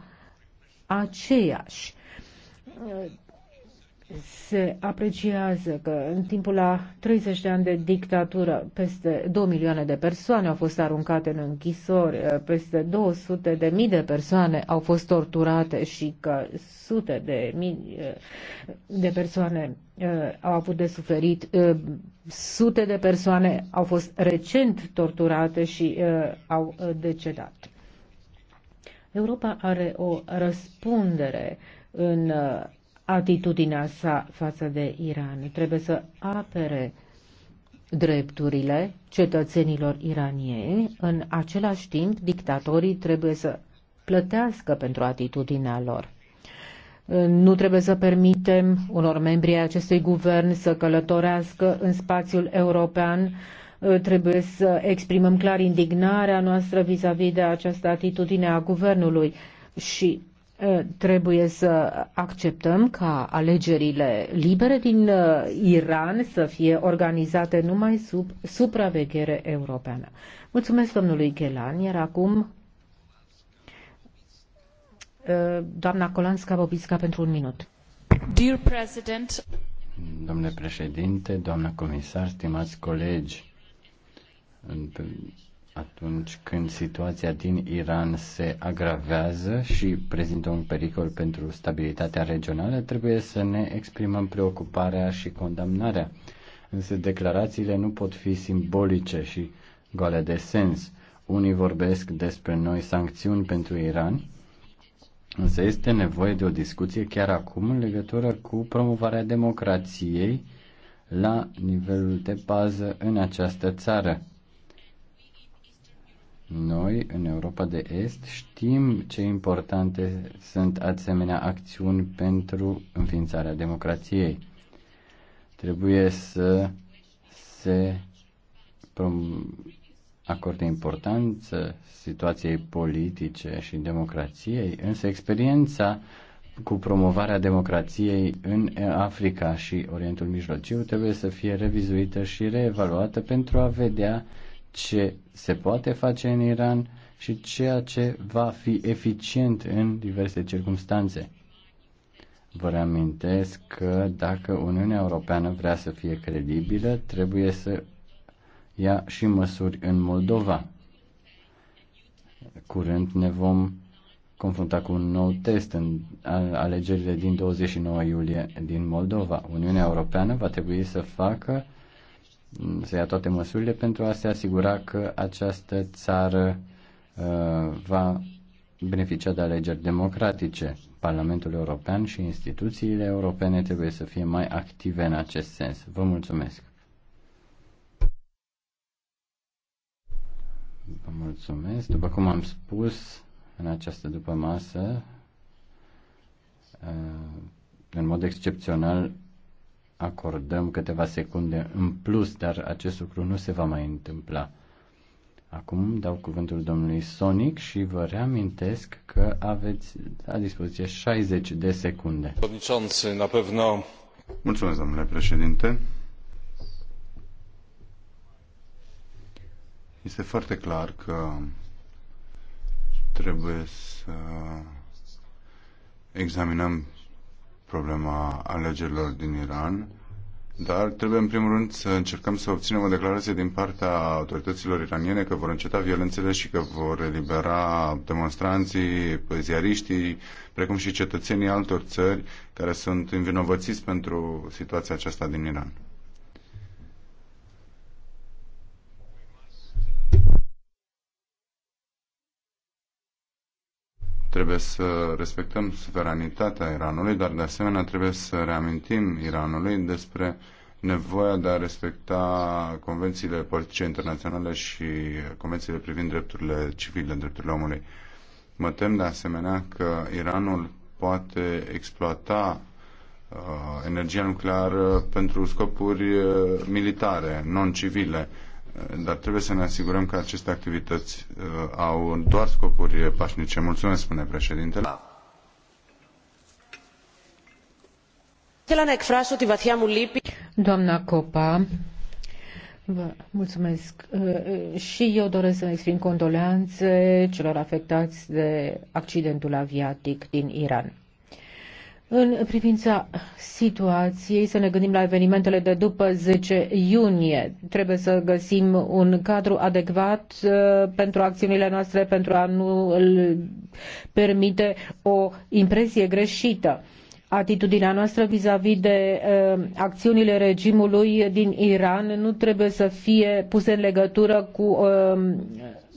aceeași se apreciază că în timpul a 30 de ani de dictatură peste 2 milioane de persoane au fost aruncate în închisori, peste 200 de mii de persoane au fost torturate și că sute de mii eh, de persoane eh, au avut de suferit. Eh, sute de persoane au fost recent torturate și au decedat. Europa are o răspundere în atitudinea sa față de Iran. Trebuie să apere drepturile cetățenilor iranieni, în același timp dictatorii trebuie să plătească pentru atitudinea lor. Nu trebuie să permitem unor membri ai acestui guvern să călătorească în spațiul european. Trebuie să exprimăm clar indignarea noastră vis-a-vis -vis de această atitudine a guvernului și Ă, trebuie să acceptăm ca alegerile libere din ă, Iran să fie organizate numai sub supraveghere europeană. Mulțumesc domnului Ghelan, iar acum ă, doamna Colanska Bobisca pentru un minut. Dear President, Domnule președinte, doamnă comisar, stimați colegi, atunci când situația din Iran se agravează și prezintă un pericol pentru stabilitatea regională, trebuie să ne exprimăm preocuparea și condamnarea. Însă declarațiile nu pot fi simbolice și goale de sens. Unii vorbesc despre noi sancțiuni pentru Iran, însă este nevoie de o discuție chiar acum în legătură cu promovarea democrației la nivelul de bază în această țară noi, în Europa de Est, știm ce importante sunt asemenea acțiuni pentru înființarea democrației. Trebuie să se acorde importanță situației politice și democrației, însă experiența cu promovarea democrației în Africa și Orientul Mijlociu trebuie să fie revizuită și reevaluată pentru a vedea ce se poate face în Iran și ceea ce va fi eficient în diverse circunstanțe. Vă reamintesc că dacă Uniunea Europeană vrea să fie credibilă, trebuie să ia și măsuri în Moldova. Curând ne vom confrunta cu un nou test în alegerile din 29 iulie din Moldova. Uniunea Europeană va trebui să facă să ia toate măsurile pentru a se asigura că această țară uh, va beneficia de alegeri democratice. Parlamentul European și instituțiile europene trebuie să fie mai active în acest sens. Vă mulțumesc! Vă mulțumesc. După cum am spus în această după masă, uh, în mod excepțional acordăm câteva secunde în plus, dar acest lucru nu se va mai întâmpla. Acum dau cuvântul domnului Sonic și vă reamintesc că aveți la dispoziție 60 de secunde. Mulțumesc, domnule președinte. Este foarte clar că trebuie să examinăm problema alegerilor din Iran, dar trebuie în primul rând să încercăm să obținem o declarație din partea autorităților iraniene că vor înceta violențele și că vor elibera demonstranții, ziariștii, precum și cetățenii altor țări care sunt învinovățiți pentru situația aceasta din Iran. Trebuie să respectăm suveranitatea Iranului, dar de asemenea trebuie să reamintim Iranului despre nevoia de a respecta convențiile politice internaționale și convențiile privind drepturile civile, drepturile omului. Mă tem de asemenea că Iranul poate exploata uh, energia nucleară pentru scopuri uh, militare, non-civile. Uh, dar trebuie să ne asigurăm că aceste activități uh, au doar scopuri pașnice. Mulțumesc, spune președintele. Doamna Copa, Vă mulțumesc. Uh, uh, și eu doresc să exprim condoleanțe celor afectați de accidentul aviatic din Iran. În privința situației, să ne gândim la evenimentele de după 10 iunie. Trebuie să găsim un cadru adecvat uh, pentru acțiunile noastre, pentru a nu permite o impresie greșită. Atitudinea noastră vis-a-vis -vis de uh, acțiunile regimului din Iran nu trebuie să fie puse în legătură cu uh,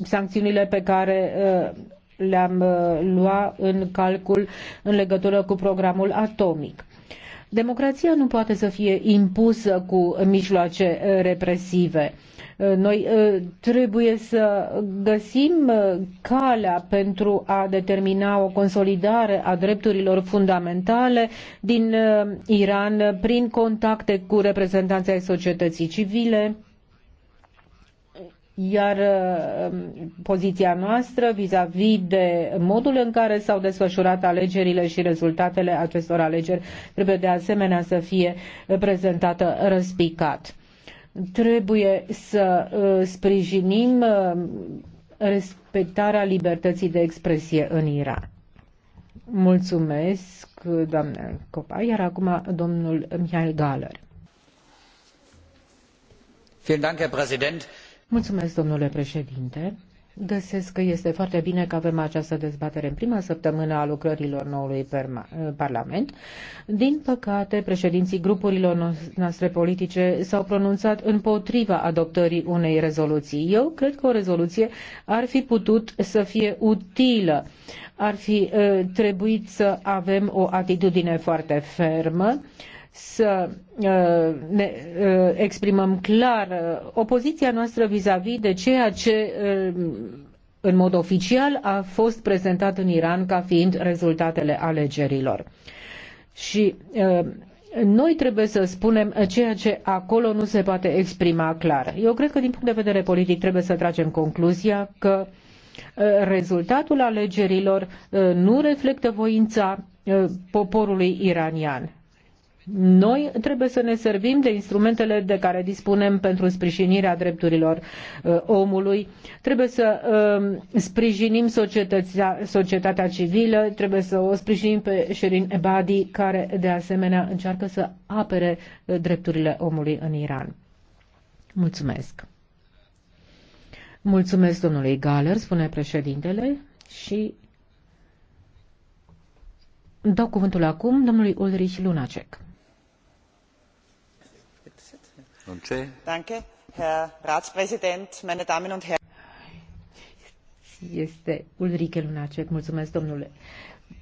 sancțiunile pe care uh, le-am uh, lua în calcul în legătură cu programul atomic. Democrația nu poate să fie impusă cu mijloace uh, represive. Uh, noi trebuie să găsim calea pentru a determina o consolidare a drepturilor fundamentale din Iran prin contacte cu reprezentanții ai societății civile, iar um, poziția noastră vis-a-vis -vis de modul în care s-au desfășurat alegerile și rezultatele acestor alegeri trebuie de asemenea să fie prezentată răspicat. Trebuie să uh, sprijinim uh, respectarea libertății de expresie în Iran. Mulțumesc, doamne Copa, iar acum domnul Mihail Galer. Vielen Dank, Herr Präsident. Mulțumesc, domnule președinte. Găsesc că este foarte bine că avem această dezbatere în prima săptămână a lucrărilor noului Parlament. Din păcate, președinții grupurilor noastre politice s-au pronunțat împotriva adoptării unei rezoluții. Eu cred că o rezoluție ar fi putut să fie utilă. Ar fi uh, trebuit să avem o atitudine foarte fermă să uh, ne uh, exprimăm clar uh, opoziția noastră vis-a-vis -vis de ceea ce în mod oficial a fost prezentat în Iran ca fiind rezultatele alegerilor. Și noi trebuie să spunem ceea ce acolo nu se poate exprima clar. Eu cred că din punct de vedere politic trebuie să tragem concluzia că rezultatul alegerilor nu reflectă voința poporului iranian. Noi trebuie să ne servim de instrumentele de care dispunem pentru sprijinirea drepturilor uh, omului, trebuie să um, sprijinim societatea, societatea civilă, trebuie să o sprijinim pe Sherin Ebadi, care de asemenea încearcă să apere uh, drepturile omului în Iran. Mulțumesc! Mulțumesc domnului Galer, spune președintele, și dau cuvântul acum domnului Ulrich Lunacek herr ratspräsident meine damen und herren!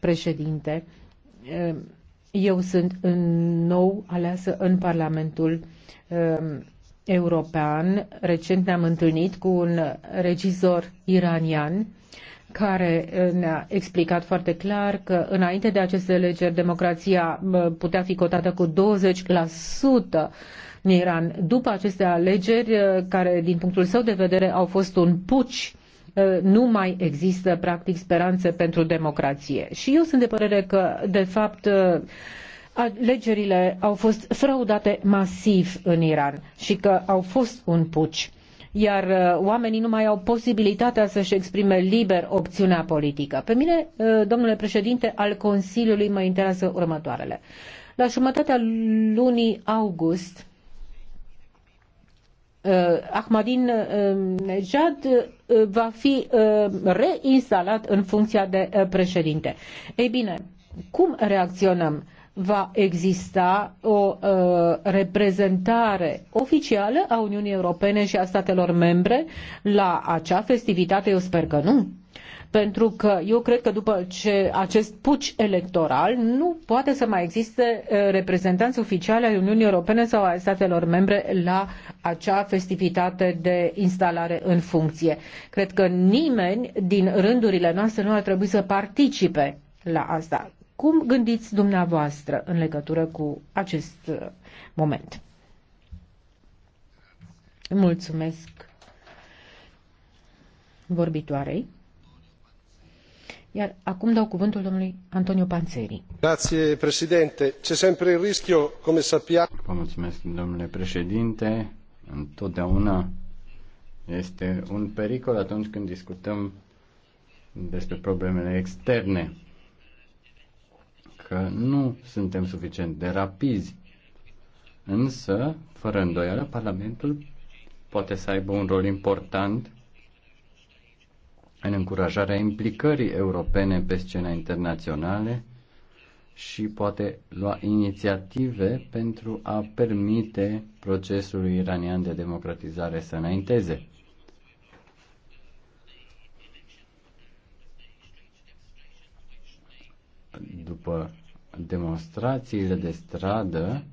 președinte. Ehm, eu sunt nou aleasă în Parlamentul ehm, European. Recent ne-am întâlnit cu un regizor iranian care eh, ne-a explicat foarte clar că înainte de aceste legeri democrația eh, putea fi cotată cu 20% în Iran după aceste alegeri uh, care din punctul său de vedere au fost un puci uh, nu mai există practic speranțe pentru democrație. Și eu sunt de părere că de fapt uh, alegerile au fost fraudate masiv în Iran și că au fost un puci iar oamenii nu mai au posibilitatea să-și exprime liber opțiunea politică. Pe mine, domnule președinte, al Consiliului mă interesează următoarele. La jumătatea lunii august, Uh, Ahmadinejad uh, uh, va fi reinstalat în funcția de președinte. Ei bine, cum reacționăm? va exista o uh, reprezentare oficială a Uniunii Europene și a statelor membre la acea festivitate? Eu sper că nu pentru că eu cred că după ce acest puci electoral nu poate să mai existe reprezentanți oficiali ai Uniunii Europene sau ai statelor membre la acea festivitate de instalare în funcție. Cred că nimeni din rândurile noastre nu ar trebui să participe la asta. Cum gândiți dumneavoastră în legătură cu acest moment? Mulțumesc vorbitoarei. Iar acum dau cuvântul domnului Antonio Panzeri. Grazie, președinte. C'è sempre il rischio, come sappiamo... Vă mulțumesc, domnule președinte. Întotdeauna este un pericol atunci când discutăm despre problemele externe, că nu suntem suficient de rapizi. Însă, fără îndoială, Parlamentul poate să aibă un rol important în încurajarea implicării europene pe scena internaționale și poate lua inițiative pentru a permite procesului iranian de democratizare să înainteze. După demonstrațiile de stradă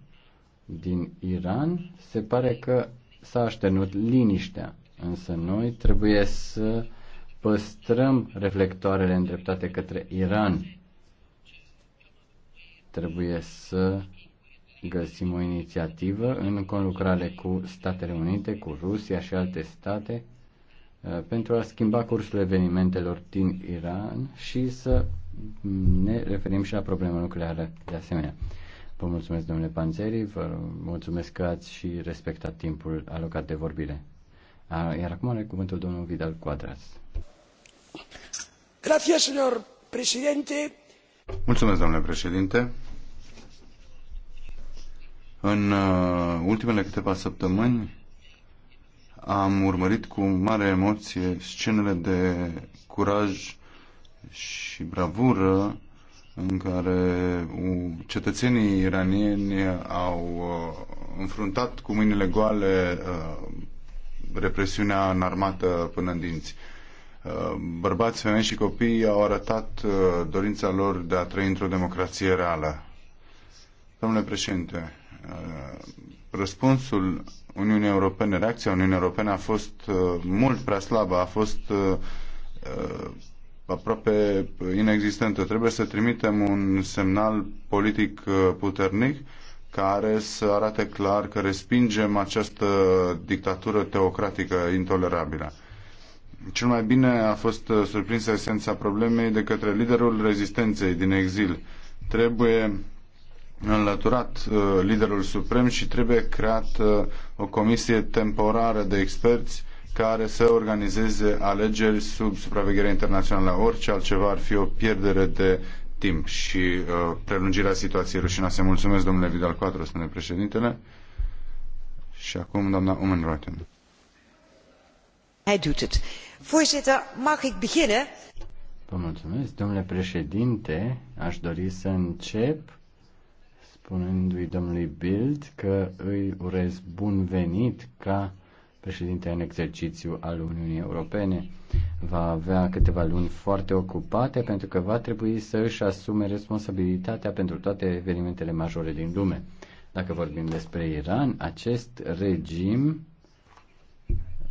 din Iran, se pare că s-a așternut liniștea, însă noi trebuie să păstrăm reflectoarele îndreptate către Iran. Trebuie să găsim o inițiativă în conlucrare cu Statele Unite, cu Rusia și alte state uh, pentru a schimba cursul evenimentelor din Iran și să ne referim și la problema nucleară de asemenea. Vă mulțumesc, domnule Panzeri, vă mulțumesc că ați și respectat timpul alocat de vorbire. Iar acum are cuvântul domnul Vidal Quadras. Gracias, señor presidente. Mulțumesc, domnule președinte. În uh, ultimele câteva săptămâni am urmărit cu mare emoție scenele de curaj și bravură în care cetățenii iranieni au uh, înfruntat cu mâinile goale uh, represiunea armată până în dinți. Uh, bărbați, femei și copii au arătat uh, dorința lor de a trăi într-o democrație reală. Domnule președinte, uh, răspunsul Uniunii Europene, reacția Uniunii Europene a fost mult prea slabă, a fost aproape inexistentă. Trebuie să trimitem un semnal politic puternic care să arate clar că respingem această dictatură teocratică intolerabilă. Cel mai bine a fost surprinsă esența problemei de către liderul rezistenței din exil. Trebuie înlăturat uh, liderul suprem și trebuie creat uh, o comisie temporară de experți care să organizeze alegeri sub supraveghere internațională. Orice altceva ar fi o pierdere de timp și uh, prelungirea situației rușinoase. Mulțumesc, domnule Vidal Quatro, spune președintele. Și acum, doamna Omen Reuten. Voorzitter, mag ik beginnen? Vă mulțumesc, domnule președinte. Aș dori să încep spunându-i domnului Bild că îi urez bun venit ca președinte în exercițiu al Uniunii Europene va avea câteva luni foarte ocupate pentru că va trebui să își asume responsabilitatea pentru toate evenimentele majore din lume. Dacă vorbim despre Iran, acest regim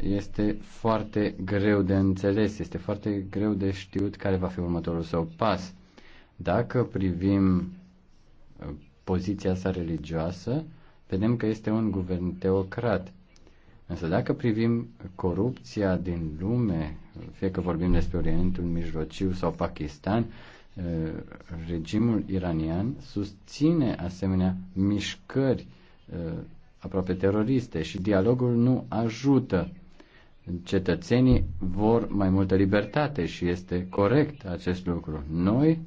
este foarte greu de înțeles, este foarte greu de știut care va fi următorul său pas. Dacă privim uh, poziția sa religioasă, vedem că este un guvern teocrat. Însă dacă privim corupția din lume, fie că vorbim despre Orientul Mijlociu sau Pakistan, regimul iranian susține asemenea mișcări aproape teroriste și dialogul nu ajută. Cetățenii vor mai multă libertate și este corect acest lucru. Noi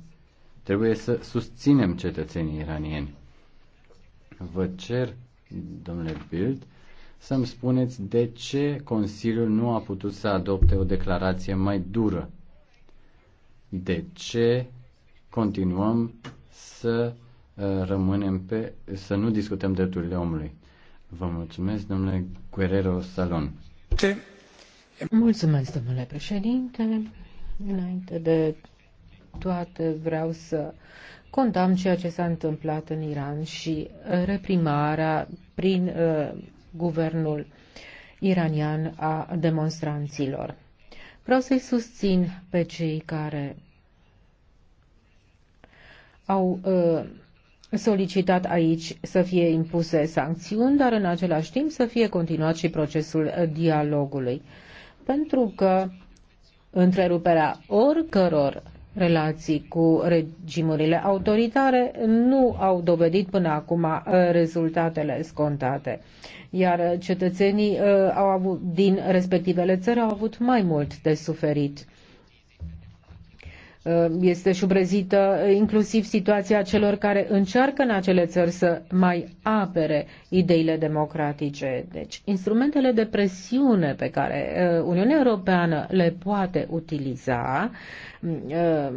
trebuie să susținem cetățenii iranieni. Vă cer, domnule Bild, să-mi spuneți de ce Consiliul nu a putut să adopte o declarație mai dură. De ce continuăm să uh, rămânem pe, să nu discutăm drepturile omului. Vă mulțumesc, domnule Guerrero Salon. Mulțumesc, domnule președinte. Înainte de toate vreau să condamn ceea ce s-a întâmplat în Iran și reprimarea prin uh, guvernul iranian a demonstranților. Vreau să-i susțin pe cei care au uh, solicitat aici să fie impuse sancțiuni, dar în același timp să fie continuat și procesul dialogului. Pentru că întreruperea oricăror relații cu regimurile autoritare nu au dovedit până acum uh, rezultatele scontate, iar cetățenii uh, au avut, din respectivele țări au avut mai mult de suferit. Uh, este șubrezită inclusiv situația celor care încearcă în acele țări să mai apere ideile democratice. Deci, instrumentele de presiune pe care uh, Uniunea Europeană le poate utiliza uh,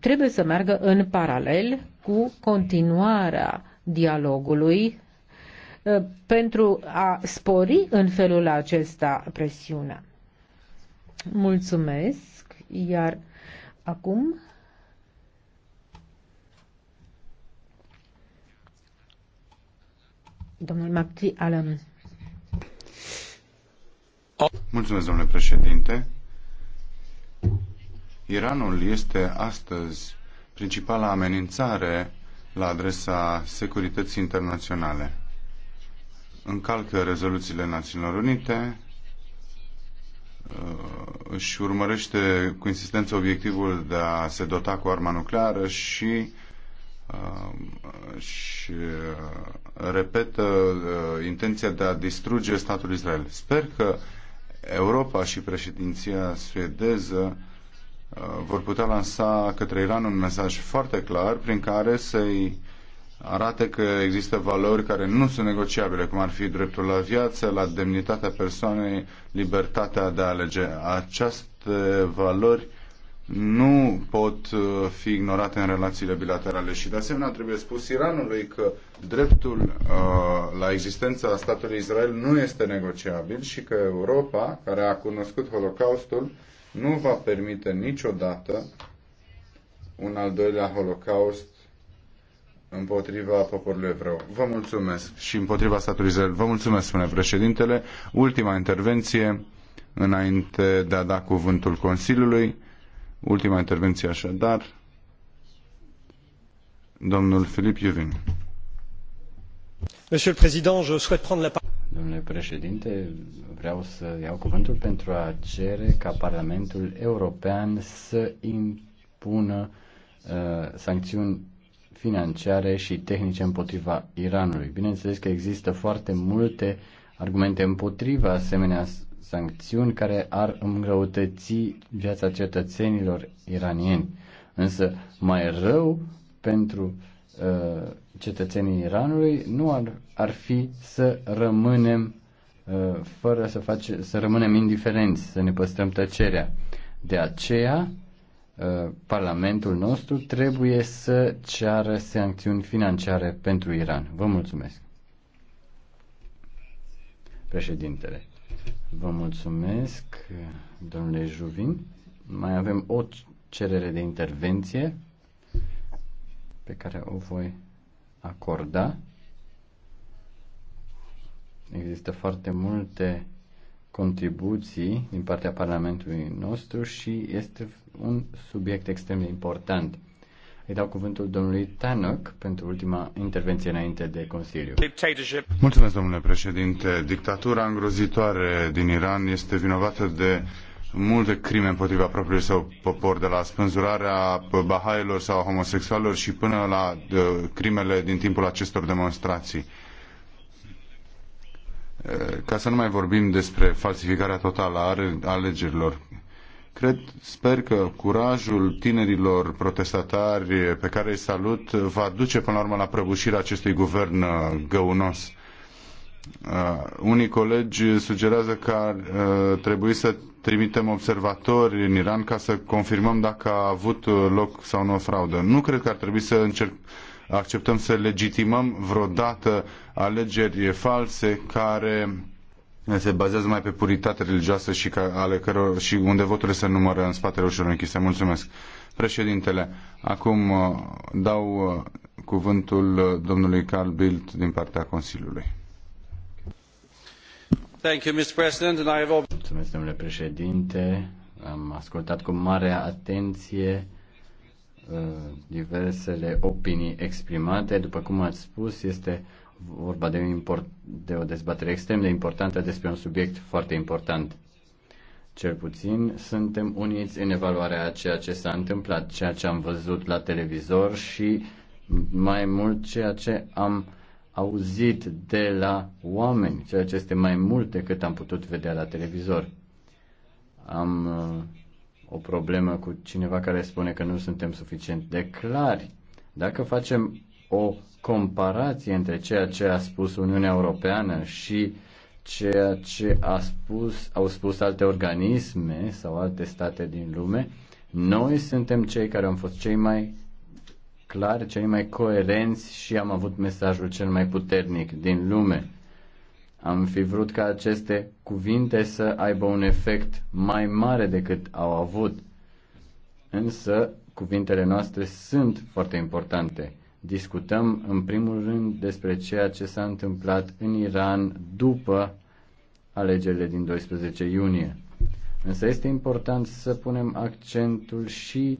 trebuie să meargă în paralel cu continuarea dialogului pentru a spori în felul acesta presiunea. Mulțumesc, iar Acum Domnul Mapti Alam. Mulțumesc, domnule președinte. Iranul este astăzi principala amenințare la adresa securității internaționale. Încalcă rezoluțiile Națiunilor Unite, Uh, își urmărește cu insistență obiectivul de a se dota cu arma nucleară și uh, și uh, repetă intenția de a distruge statul Israel. Sper că Europa și președinția suedeză vor putea lansa către Iran un mesaj foarte clar prin care să-i arată că există valori care nu sunt negociabile, cum ar fi dreptul la viață, la demnitatea persoanei, libertatea de a alege. Aceste valori nu pot uh, fi ignorate în relațiile bilaterale și de asemenea trebuie spus Iranului că dreptul uh, la existența statului Israel nu este negociabil și că Europa, care a cunoscut Holocaustul, nu va permite niciodată un al doilea Holocaust împotriva poporului evreu. Vă mulțumesc și împotriva statului Israel. Vă mulțumesc, spune președintele. Ultima intervenție înainte de a da cuvântul Consiliului. Ultima intervenție așadar. Domnul Filip Iuvin. Monsieur le Président, je souhaite prendre la parole. Domnule președinte, vreau să iau cuvântul pentru a cere ca Parlamentul European să impună uh, sancțiuni financiare și tehnice împotriva Iranului. Bineînțeles că există foarte multe argumente împotriva asemenea sancțiuni care ar îngrăutăți viața cetățenilor iranieni. Însă mai rău pentru uh, cetățenii Iranului nu ar, ar fi să rămânem uh, fără să, face, să rămânem indiferenți, să ne păstrăm tăcerea. De aceea Uh, Parlamentul nostru trebuie să ceară sancțiuni financiare pentru Iran. Vă mulțumesc. Președintele, vă mulțumesc, domnule Juvin. Mai avem o cerere de intervenție pe care o voi acorda. Există foarte multe contribuții din partea Parlamentului nostru și este un subiect extrem de important. Îi dau cuvântul domnului Tanok pentru ultima intervenție înainte de Consiliu. Mulțumesc, domnule președinte. Dictatura îngrozitoare din Iran este vinovată de multe crime împotriva propriului său popor, de la spânzurarea bahailor sau homosexualilor și până la crimele din timpul acestor demonstrații ca să nu mai vorbim despre falsificarea totală a alegerilor. Cred, sper că curajul tinerilor protestatari pe care îi salut va duce până la urmă la prăbușirea acestui guvern uh, găunos. Uh, unii colegi sugerează că ar uh, trebui să trimitem observatori în Iran ca să confirmăm dacă a avut uh, loc sau nu o fraudă. Nu cred că ar trebui să încerc, acceptăm să legitimăm vreodată alegeri false care se bazează mai pe puritate religioasă și, ca, ale căror, și unde voturile se numără în spatele ușilor închise. Mulțumesc. Președintele, acum uh, dau uh, cuvântul uh, domnului Carl Bildt din partea Consiliului. Thank you, Mr. President, and I have... Mulțumesc, domnule președinte. Am ascultat cu mare atenție diversele opinii exprimate. După cum ați spus, este vorba de, import, de o dezbatere extrem de importantă despre un subiect foarte important. Cel puțin suntem uniți în evaluarea a ceea ce s-a întâmplat, ceea ce am văzut la televizor și mai mult ceea ce am auzit de la oameni, ceea ce este mai mult decât am putut vedea la televizor. Am uh, o problemă cu cineva care spune că nu suntem suficient de clari. Dacă facem o comparație între ceea ce a spus Uniunea Europeană și ceea ce a spus, au spus alte organisme sau alte state din lume, noi suntem cei care am fost cei mai clar, cei mai coerenți și am avut mesajul cel mai puternic din lume. Am fi vrut ca aceste cuvinte să aibă un efect mai mare decât au avut. Însă, cuvintele noastre sunt foarte importante. Discutăm, în primul rând, despre ceea ce s-a întâmplat în Iran după alegerile din 12 iunie. Însă este important să punem accentul și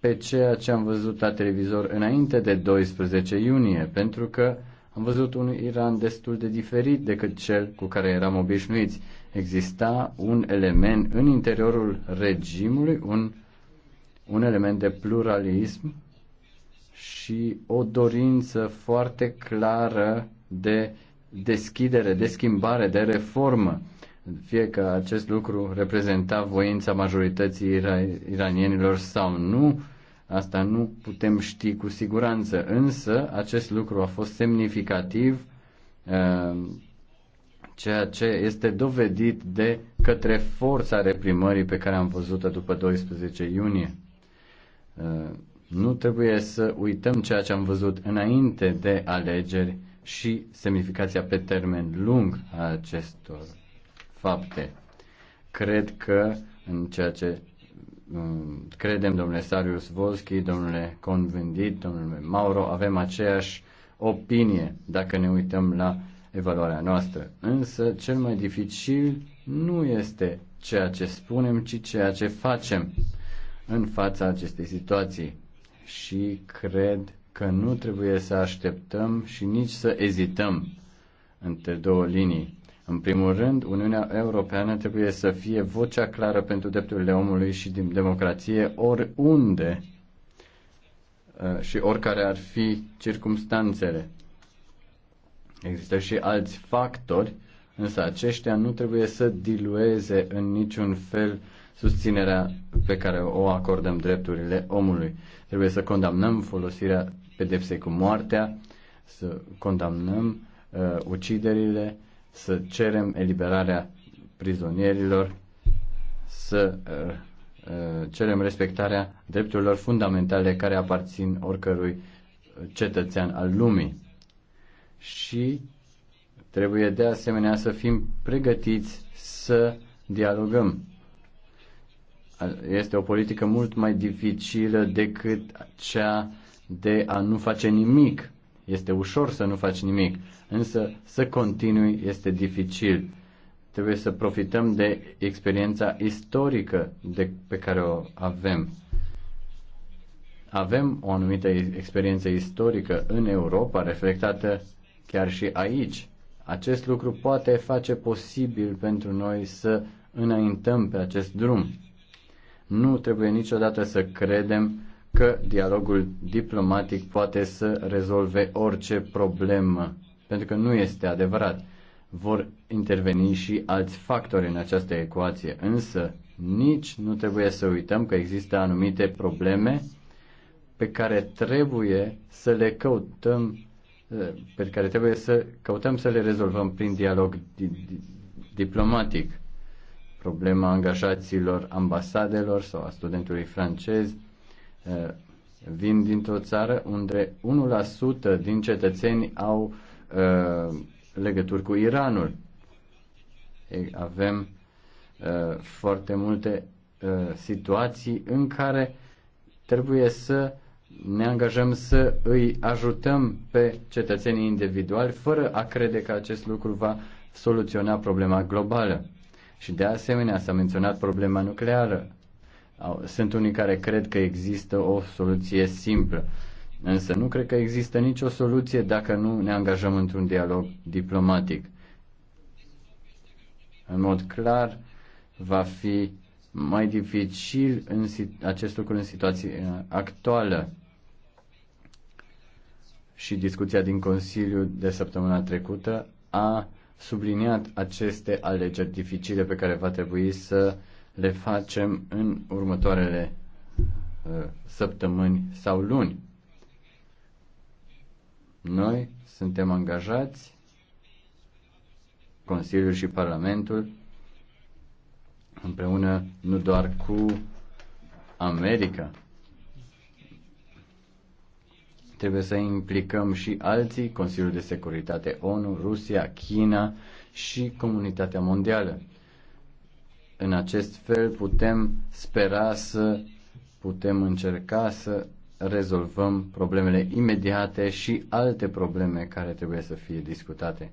pe ceea ce am văzut la televizor înainte de 12 iunie, pentru că am văzut un Iran destul de diferit decât cel cu care eram obișnuiți. Exista un element în interiorul regimului, un, un element de pluralism și o dorință foarte clară de deschidere, de schimbare, de reformă. Fie că acest lucru reprezenta voința majorității iranienilor sau nu, asta nu putem ști cu siguranță, însă acest lucru a fost semnificativ, ehm, ceea ce este dovedit de către forța reprimării pe care am văzut-o după 12 iunie. Ehm, nu trebuie să uităm ceea ce am văzut înainte de alegeri și semnificația pe termen lung a acestor fapte. Cred că în ceea ce um, credem, domnule Sarius Volski, domnule Convendit, domnule Mauro, avem aceeași opinie dacă ne uităm la evaluarea noastră. Însă cel mai dificil nu este ceea ce spunem, ci ceea ce facem în fața acestei situații și cred că nu trebuie să așteptăm și nici să ezităm între două linii. În primul rând, Uniunea Europeană trebuie să fie vocea clară pentru drepturile omului și din democrație oriunde uh, și oricare ar fi circumstanțele. Există și alți factori, însă aceștia nu trebuie să dilueze în niciun fel uh, susținerea pe care o acordăm drepturile omului. Trebuie să condamnăm folosirea pedepsei cu moartea, să condamnăm uh, uciderile, să cerem eliberarea prizonierilor, să uh, uh, cerem respectarea drepturilor fundamentale care aparțin oricărui cetățean al lumii. Și trebuie de asemenea să fim pregătiți să dialogăm este o politică mult mai dificilă decât cea de a nu face nimic. Este ușor să nu faci nimic, însă să continui este dificil. Trebuie să profităm de experiența istorică de, pe care o avem. Avem o anumită experiență istorică în Europa, reflectată chiar și aici. Acest lucru poate face posibil pentru noi să înaintăm pe acest drum nu trebuie niciodată să credem că dialogul diplomatic poate să rezolve orice problemă, pentru că nu este adevărat. Vor interveni și alți factori în această ecuație, însă nici nu trebuie să uităm că există anumite probleme pe care trebuie să le căutăm pe care trebuie să căutăm să le rezolvăm prin dialog diplomatic problema angajaților ambasadelor sau a studentului francez. Eh, vin dintr-o țară unde 1% din cetățeni au eh, legături cu Iranul. Avem eh, foarte multe situații în care trebuie să ne angajăm să îi ajutăm pe cetățenii individuali fără a crede că acest lucru va soluționa problema globală. Și de asemenea s-a menționat problema nucleară. Sunt unii care cred că există o soluție simplă, însă nu cred că există nicio soluție dacă nu ne angajăm într-un dialog diplomatic. În mod clar, va fi mai dificil în acest lucru în situația uh, actuală. Și discuția din Consiliu de săptămâna trecută a subliniat aceste alegeri dificile pe care va trebui să le facem în următoarele uh, săptămâni sau luni. Noi suntem angajați, Consiliul și Parlamentul, împreună nu doar cu America, Trebuie să implicăm și alții, Consiliul de Securitate ONU, Rusia, China și comunitatea mondială. În acest fel putem spera să putem încerca să rezolvăm problemele imediate și alte probleme care trebuie să fie discutate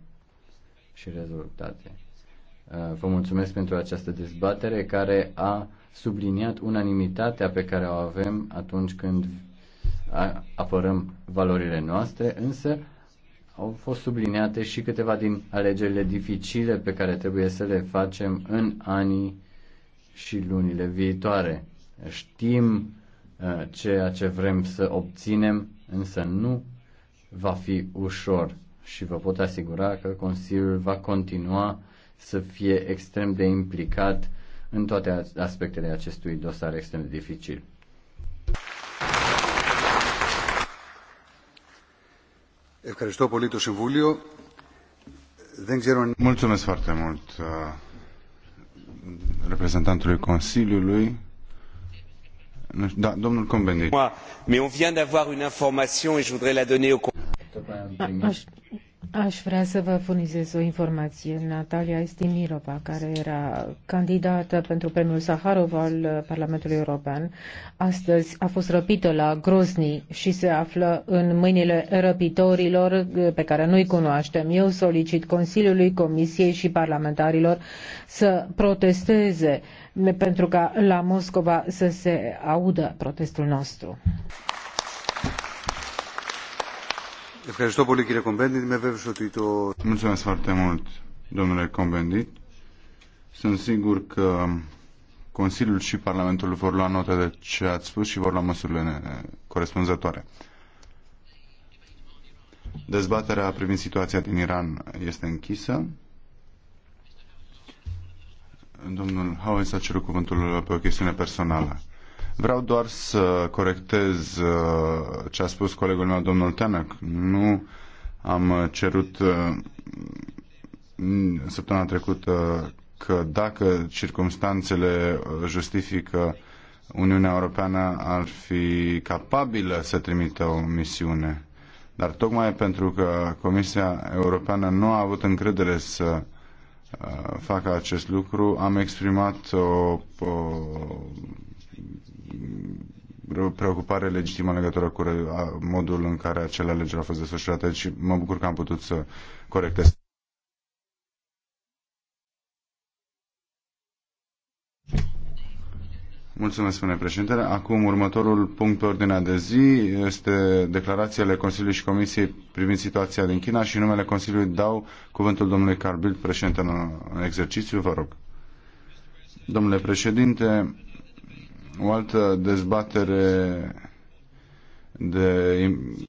și rezolvate. Uh, vă mulțumesc pentru această dezbatere care a subliniat unanimitatea pe care o avem atunci când apărăm valorile noastre, însă au fost subliniate și câteva din alegerile dificile pe care trebuie să le facem în anii și lunile viitoare. Știm ceea ce vrem să obținem, însă nu va fi ușor și vă pot asigura că Consiliul va continua să fie extrem de implicat în toate aspectele acestui dosar extrem de dificil. Mulțumesc foarte mult uh, reprezentantului Consiliului. Da, domnul cohn bendit mais on vient d'avoir une information et je voudrais la donner au Aș vrea să vă furnizez o informație. Natalia Estimirova, care era candidată pentru premiul Saharov al Parlamentului European, astăzi a fost răpită la Grozny și se află în mâinile răpitorilor eh, pe care nu-i cunoaștem. Eu solicit Consiliului, Comisiei și parlamentarilor să protesteze pentru ca la Moscova să se audă protestul nostru. Mulțumesc foarte mult, domnule Combendit. Sunt sigur că Consiliul și Parlamentul vor lua notă de ce ați spus și vor lua măsurile corespunzătoare. Dezbaterea privind situația din Iran este închisă. Domnul Howes a cerut cuvântul pe o chestiune personală. Vreau doar să corectez uh, ce a spus colegul meu, domnul Tenac. Nu am cerut uh, săptămâna trecută că dacă circumstanțele justifică Uniunea Europeană ar fi capabilă să trimită o misiune. Dar tocmai pentru că Comisia Europeană nu a avut încredere să uh, facă acest lucru, am exprimat o, o Mm, preocupare legitimă în legătură cu modul în care acele alegeri au fost desfășurate și mă bucur că am putut să corectez. Mulțumesc, spune președintele. Acum, următorul punct pe ordinea de zi este declarațiile Consiliului și Comisiei privind situația din China și numele Consiliului dau cuvântul domnului Carbil, președinte în exercițiu, vă rog. Domnule președinte, o altă dezbatere de